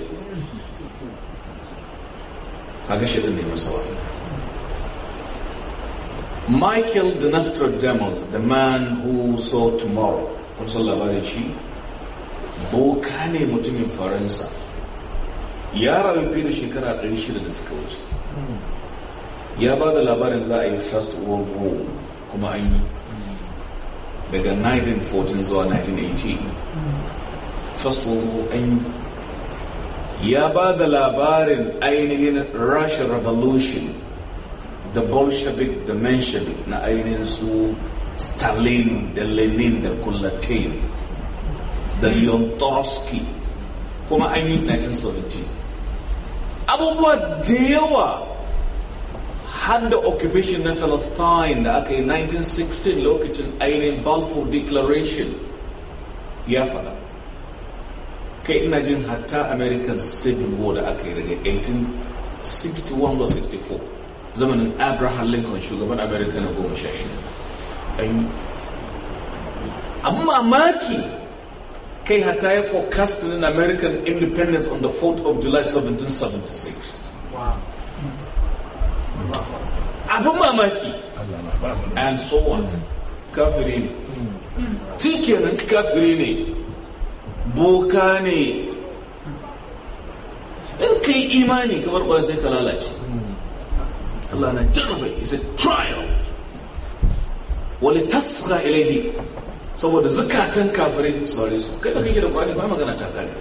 kaga shaɗin ne masa wahayi Michael the Nostradamus, the man who saw tomorrow, kun san labarin shi? Boka ne mutumin Faransa. Ya rayu fiye da shekara shida da suka wuce. Ya ba da labarin za a yi First World War kuma an yi. Daga 1914 zuwa 1918. First World War an yi. Ya ba da labarin ainihin Russian Revolution da bolshevik da menshevik na ainihin su stalin da lenin da kulatin da leon trotsky kuma ainihin 1970, 1917 abubuwa da yawa har da occupation na palestine da aka yi 1916 lokacin ainihin balfour declaration ya fada kai ina jin hatta american civil war da aka yi daga 1861 64 zamanin abraham lincoln shugaban amerika na goma sha shida abin mamaki kai hata ya forecasting in american independence on the 4th of july 1776 abin mamaki and so on. kafiri ne cikinan kafiri ne boka ne in kai imani kamar ba sai ka lalace Allah na is a trial wani tasga ilaihi saboda zukatan covering, sorry, so kai da kake da kwani ba magana ta kare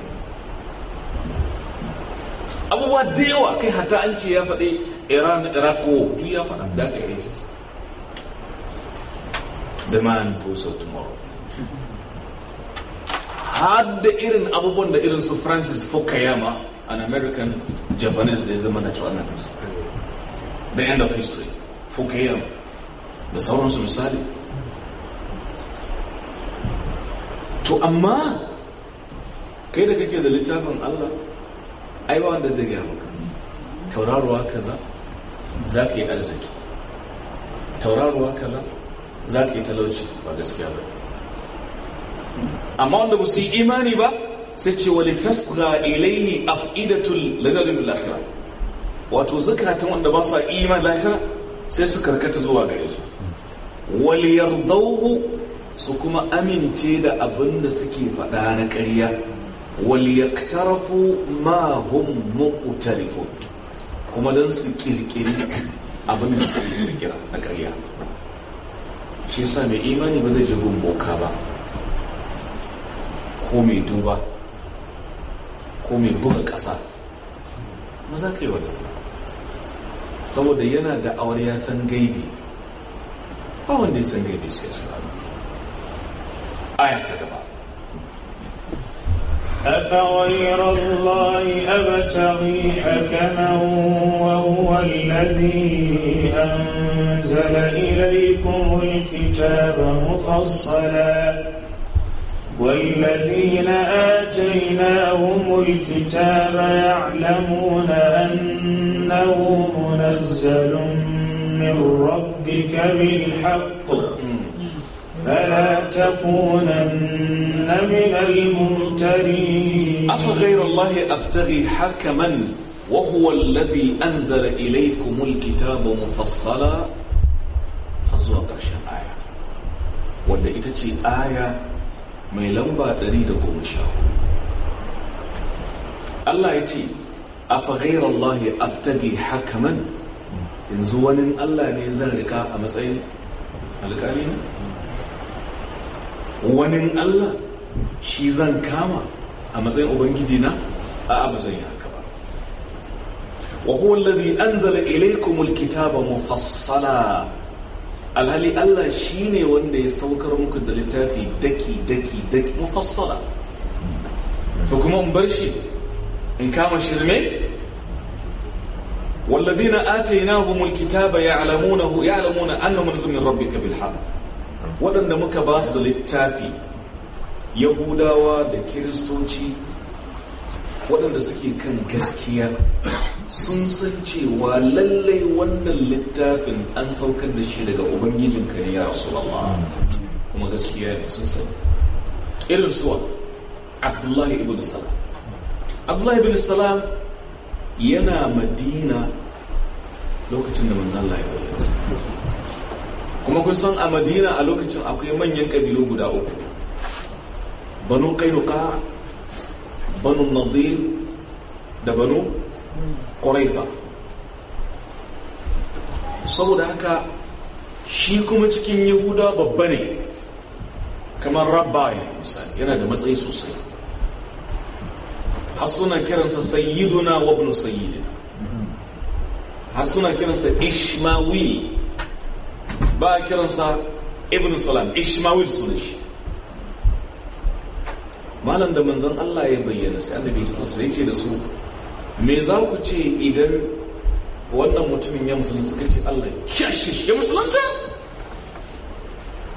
abubuwa da yawa kai hata an ya faɗi iran irako oh, duk ya faɗa da aka the man goes of tomorrow Had the Iran, Abu Bonda Iran, so francis fukuyama an american japanese da ya zama na cewa the end of history 4 km da sauransu misali to amma kai da kake da littafin Allah ai ba wanda zai gaya maka tauraruwa kaza za ka yi arziki tauraruwa kaza za ka yi talauci ba gaskiya ba amma wanda ba su yi imani ba sai ce wani tasga ilaihi af'idatul lagalin lafiya wato zakatan wanda ba sa iman lahira sai su karkata zuwa gare su Waliyar yardawhu su kuma amince da abin da suke faɗa na ƙarya wal yaktarafu ma hum muqtarifun kuma don su kirkiri abin da suke kirkira na ƙarya shi sa mai imani ba zai je boka ba ko mai duba ko mai buga ƙasa ma za ka yi wadanda saboda yana da awar ya san gaibi ba wanda ya san gaibi sai shi aya ta gaba أفغير الله أبتغي حكما وهو الذي أنزل إليكم الكتاب مفصلا والذين آتيناهم الكتاب يعلمون أنه منزل من ربك بالحق فلا تكونن من الممترين أفغير الله أبتغي حكما وهو الذي أنزل إليكم الكتاب مفصلا حظوا قرشان آية ولا إتتي آية mai lamba 114 Allah ya ce a faghairar Allah ya hakaman yanzu wani Allah ne zan rika a matsayin alkali wani Allah shi zan kama a matsayin ubangiji na a abu zan yi haka ba wa huwa alladhi anzala ilaikumul kitaba mufassala alhali Allah shi ne wanda ya saukar muku da littafi daki daki daki mufassala to kuma in bar shi in kama shirme والذين آتيناهم الكتاب يعلمونه يعلمون أنه منزل من ربك بالحق ولن مك باس للتافي يهودا ودا كريستوتشي ولن سكي كان غسكيا sun san cewa lallai wannan littafin an saukar da shi daga ubangijin ne ya rasu kuma gaskiya ne sun san irin suwa abdullahi ibn salam abdullahi ibn salam yana madina lokacin da manzan Allah ya bayyana kuma kun san a madina a lokacin akwai manyan kabilu guda uku banu kainuka banu nadir da banu ƙwarai saboda haka shi kuma cikin yahuda babba ne kamar rabba ya misali yana da matsayi sosai har suna kiransa sayyiduna wa ibn sayyidina har suna kiransa ishmawi ba kiransa ibn salam ishmawi suna shi malam da manzan Allah ya bayyana sai annabi sallallahu alaihi wasallam ya ce da su me za ku ce idan wannan mutumin ya musulun Allah kyashi ya musulunta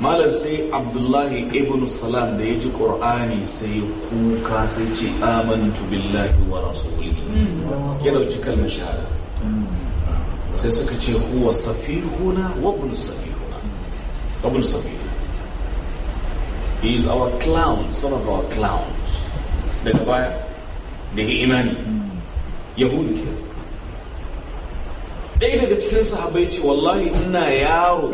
malam sai abdullahi ibn salam da ya ji ƙor'ani sai kuka sai ce amantu billahi wa rasuli ya dauki kalmar shahada sai suka ce huwa safihuna wa ibn safihuna ibn safihuna he is our clown son of our clowns daga baya da imani yahudu ke ɗaya daga cikin sahabai ce wallahi ina yaro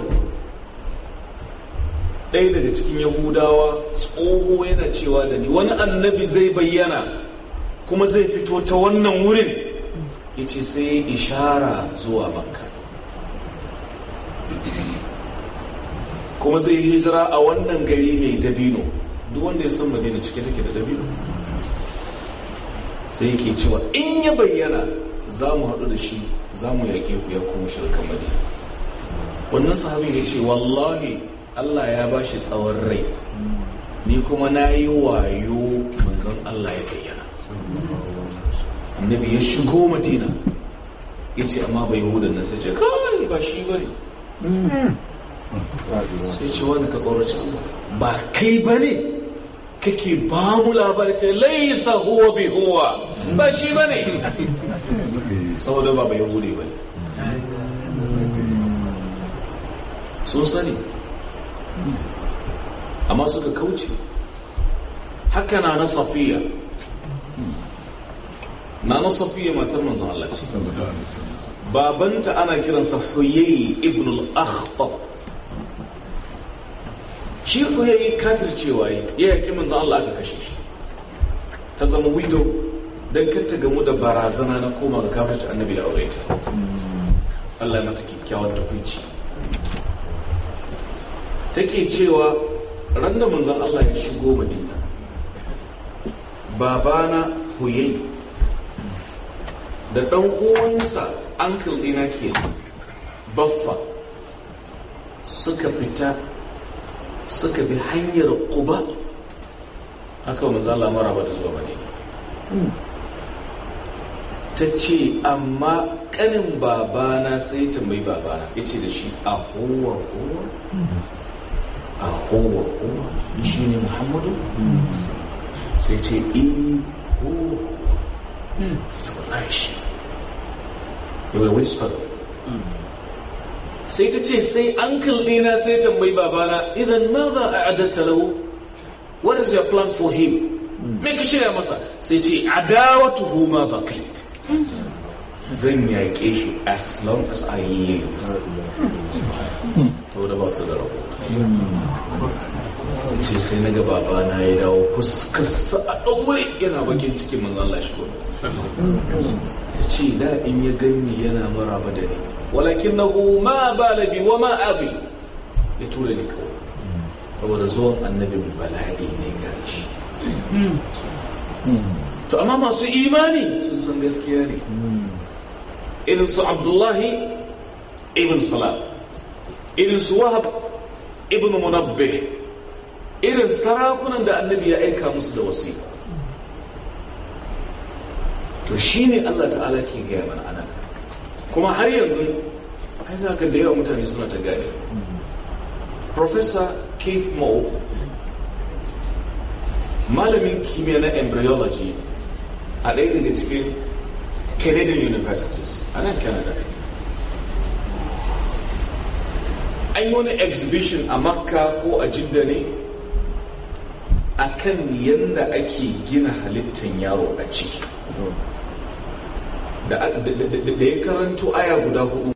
ɗaya daga cikin yahudawa tsoho yana cewa da ni wani annabi zai bayyana kuma zai fito ta wannan wurin ya ce sai ishara zuwa makka kuma zai hijira a wannan gari mai dabino duk wanda ya san madina cike take da dabino sai yake cewa in ya bayyana za mu haɗu da shi za mu yaƙe ku ya kuma shirkan madi wannan sahabi ya ce wallahi allah ya ba shi tsawon rai ni kuma na yi wayo manzan allah ya bayyana annabi ya shigo madina ya ce amma bai hudu na sai ce kawai ba shi ba hmm. sai ce wani ka tsoraci ba kai ba ne kake ba mu labari ce laisa huwa bi huwa ba shi ba ne saboda ba bai hude ba ne sun sani amma suka kauce haka na na safiya na na safiya matar manzon Allah babanta ana kiransa huyay ibn al-akhtab shi ku ya yi cewa yi ya yaki manzan Allah aka kashe shi ta zama wido don kanta gamu da barazana na koma ga kafirci annabi da aure ta Allah ya mata kyakkyawar kyakkyawan kunci take cewa ran da manzan Allah ya shigo madina babana huyai da ɗan uwansa uncle ɗina ke baffa suka fita suka bi hanyar kuba haka zala mara ba da zuwa madina hmm. ta ce amma kanin babana sai ta mai babana ya ce da shi a huwa huwa hmm. a huwa huwa shi ne muhammadu sai ce in huwa huwa shi ya su whisper sai ta ce sai uncle ɗina sai tambayi babana idan ma za a adanta lahu what is your plan for him me ka shirya masa sai ce adawatu huma bakait zan yaƙe shi as long as I live to da ba su da rabo ce sai na ga babana ya dawo fuskarsa a ɗan wuri yana bakin cikin manzan Allah ta ce da in ya gani yana maraba da ni walakin na ma balabi wa ma abi ya tura ni kawai saboda zuwan annabin bala'i ne gare shi to amma masu imani sun san gaskiya ne irin su abdullahi ibn salam irin su wahab ibn munabbih irin sarakunan da annabi ya aika musu da wasiƙa to ne Allah ta'ala ke gaya mana ana kuma har yanzu ai za ka da yawa mutane suna ta gane professor keith moore malamin kimiyya na embryology a ɗaya daga cikin canadian universities a nan canada an yi wani exhibition a makka ko a jidda ne a kan yadda ake gina halittar yaro a ciki da ya karanto aya guda hudu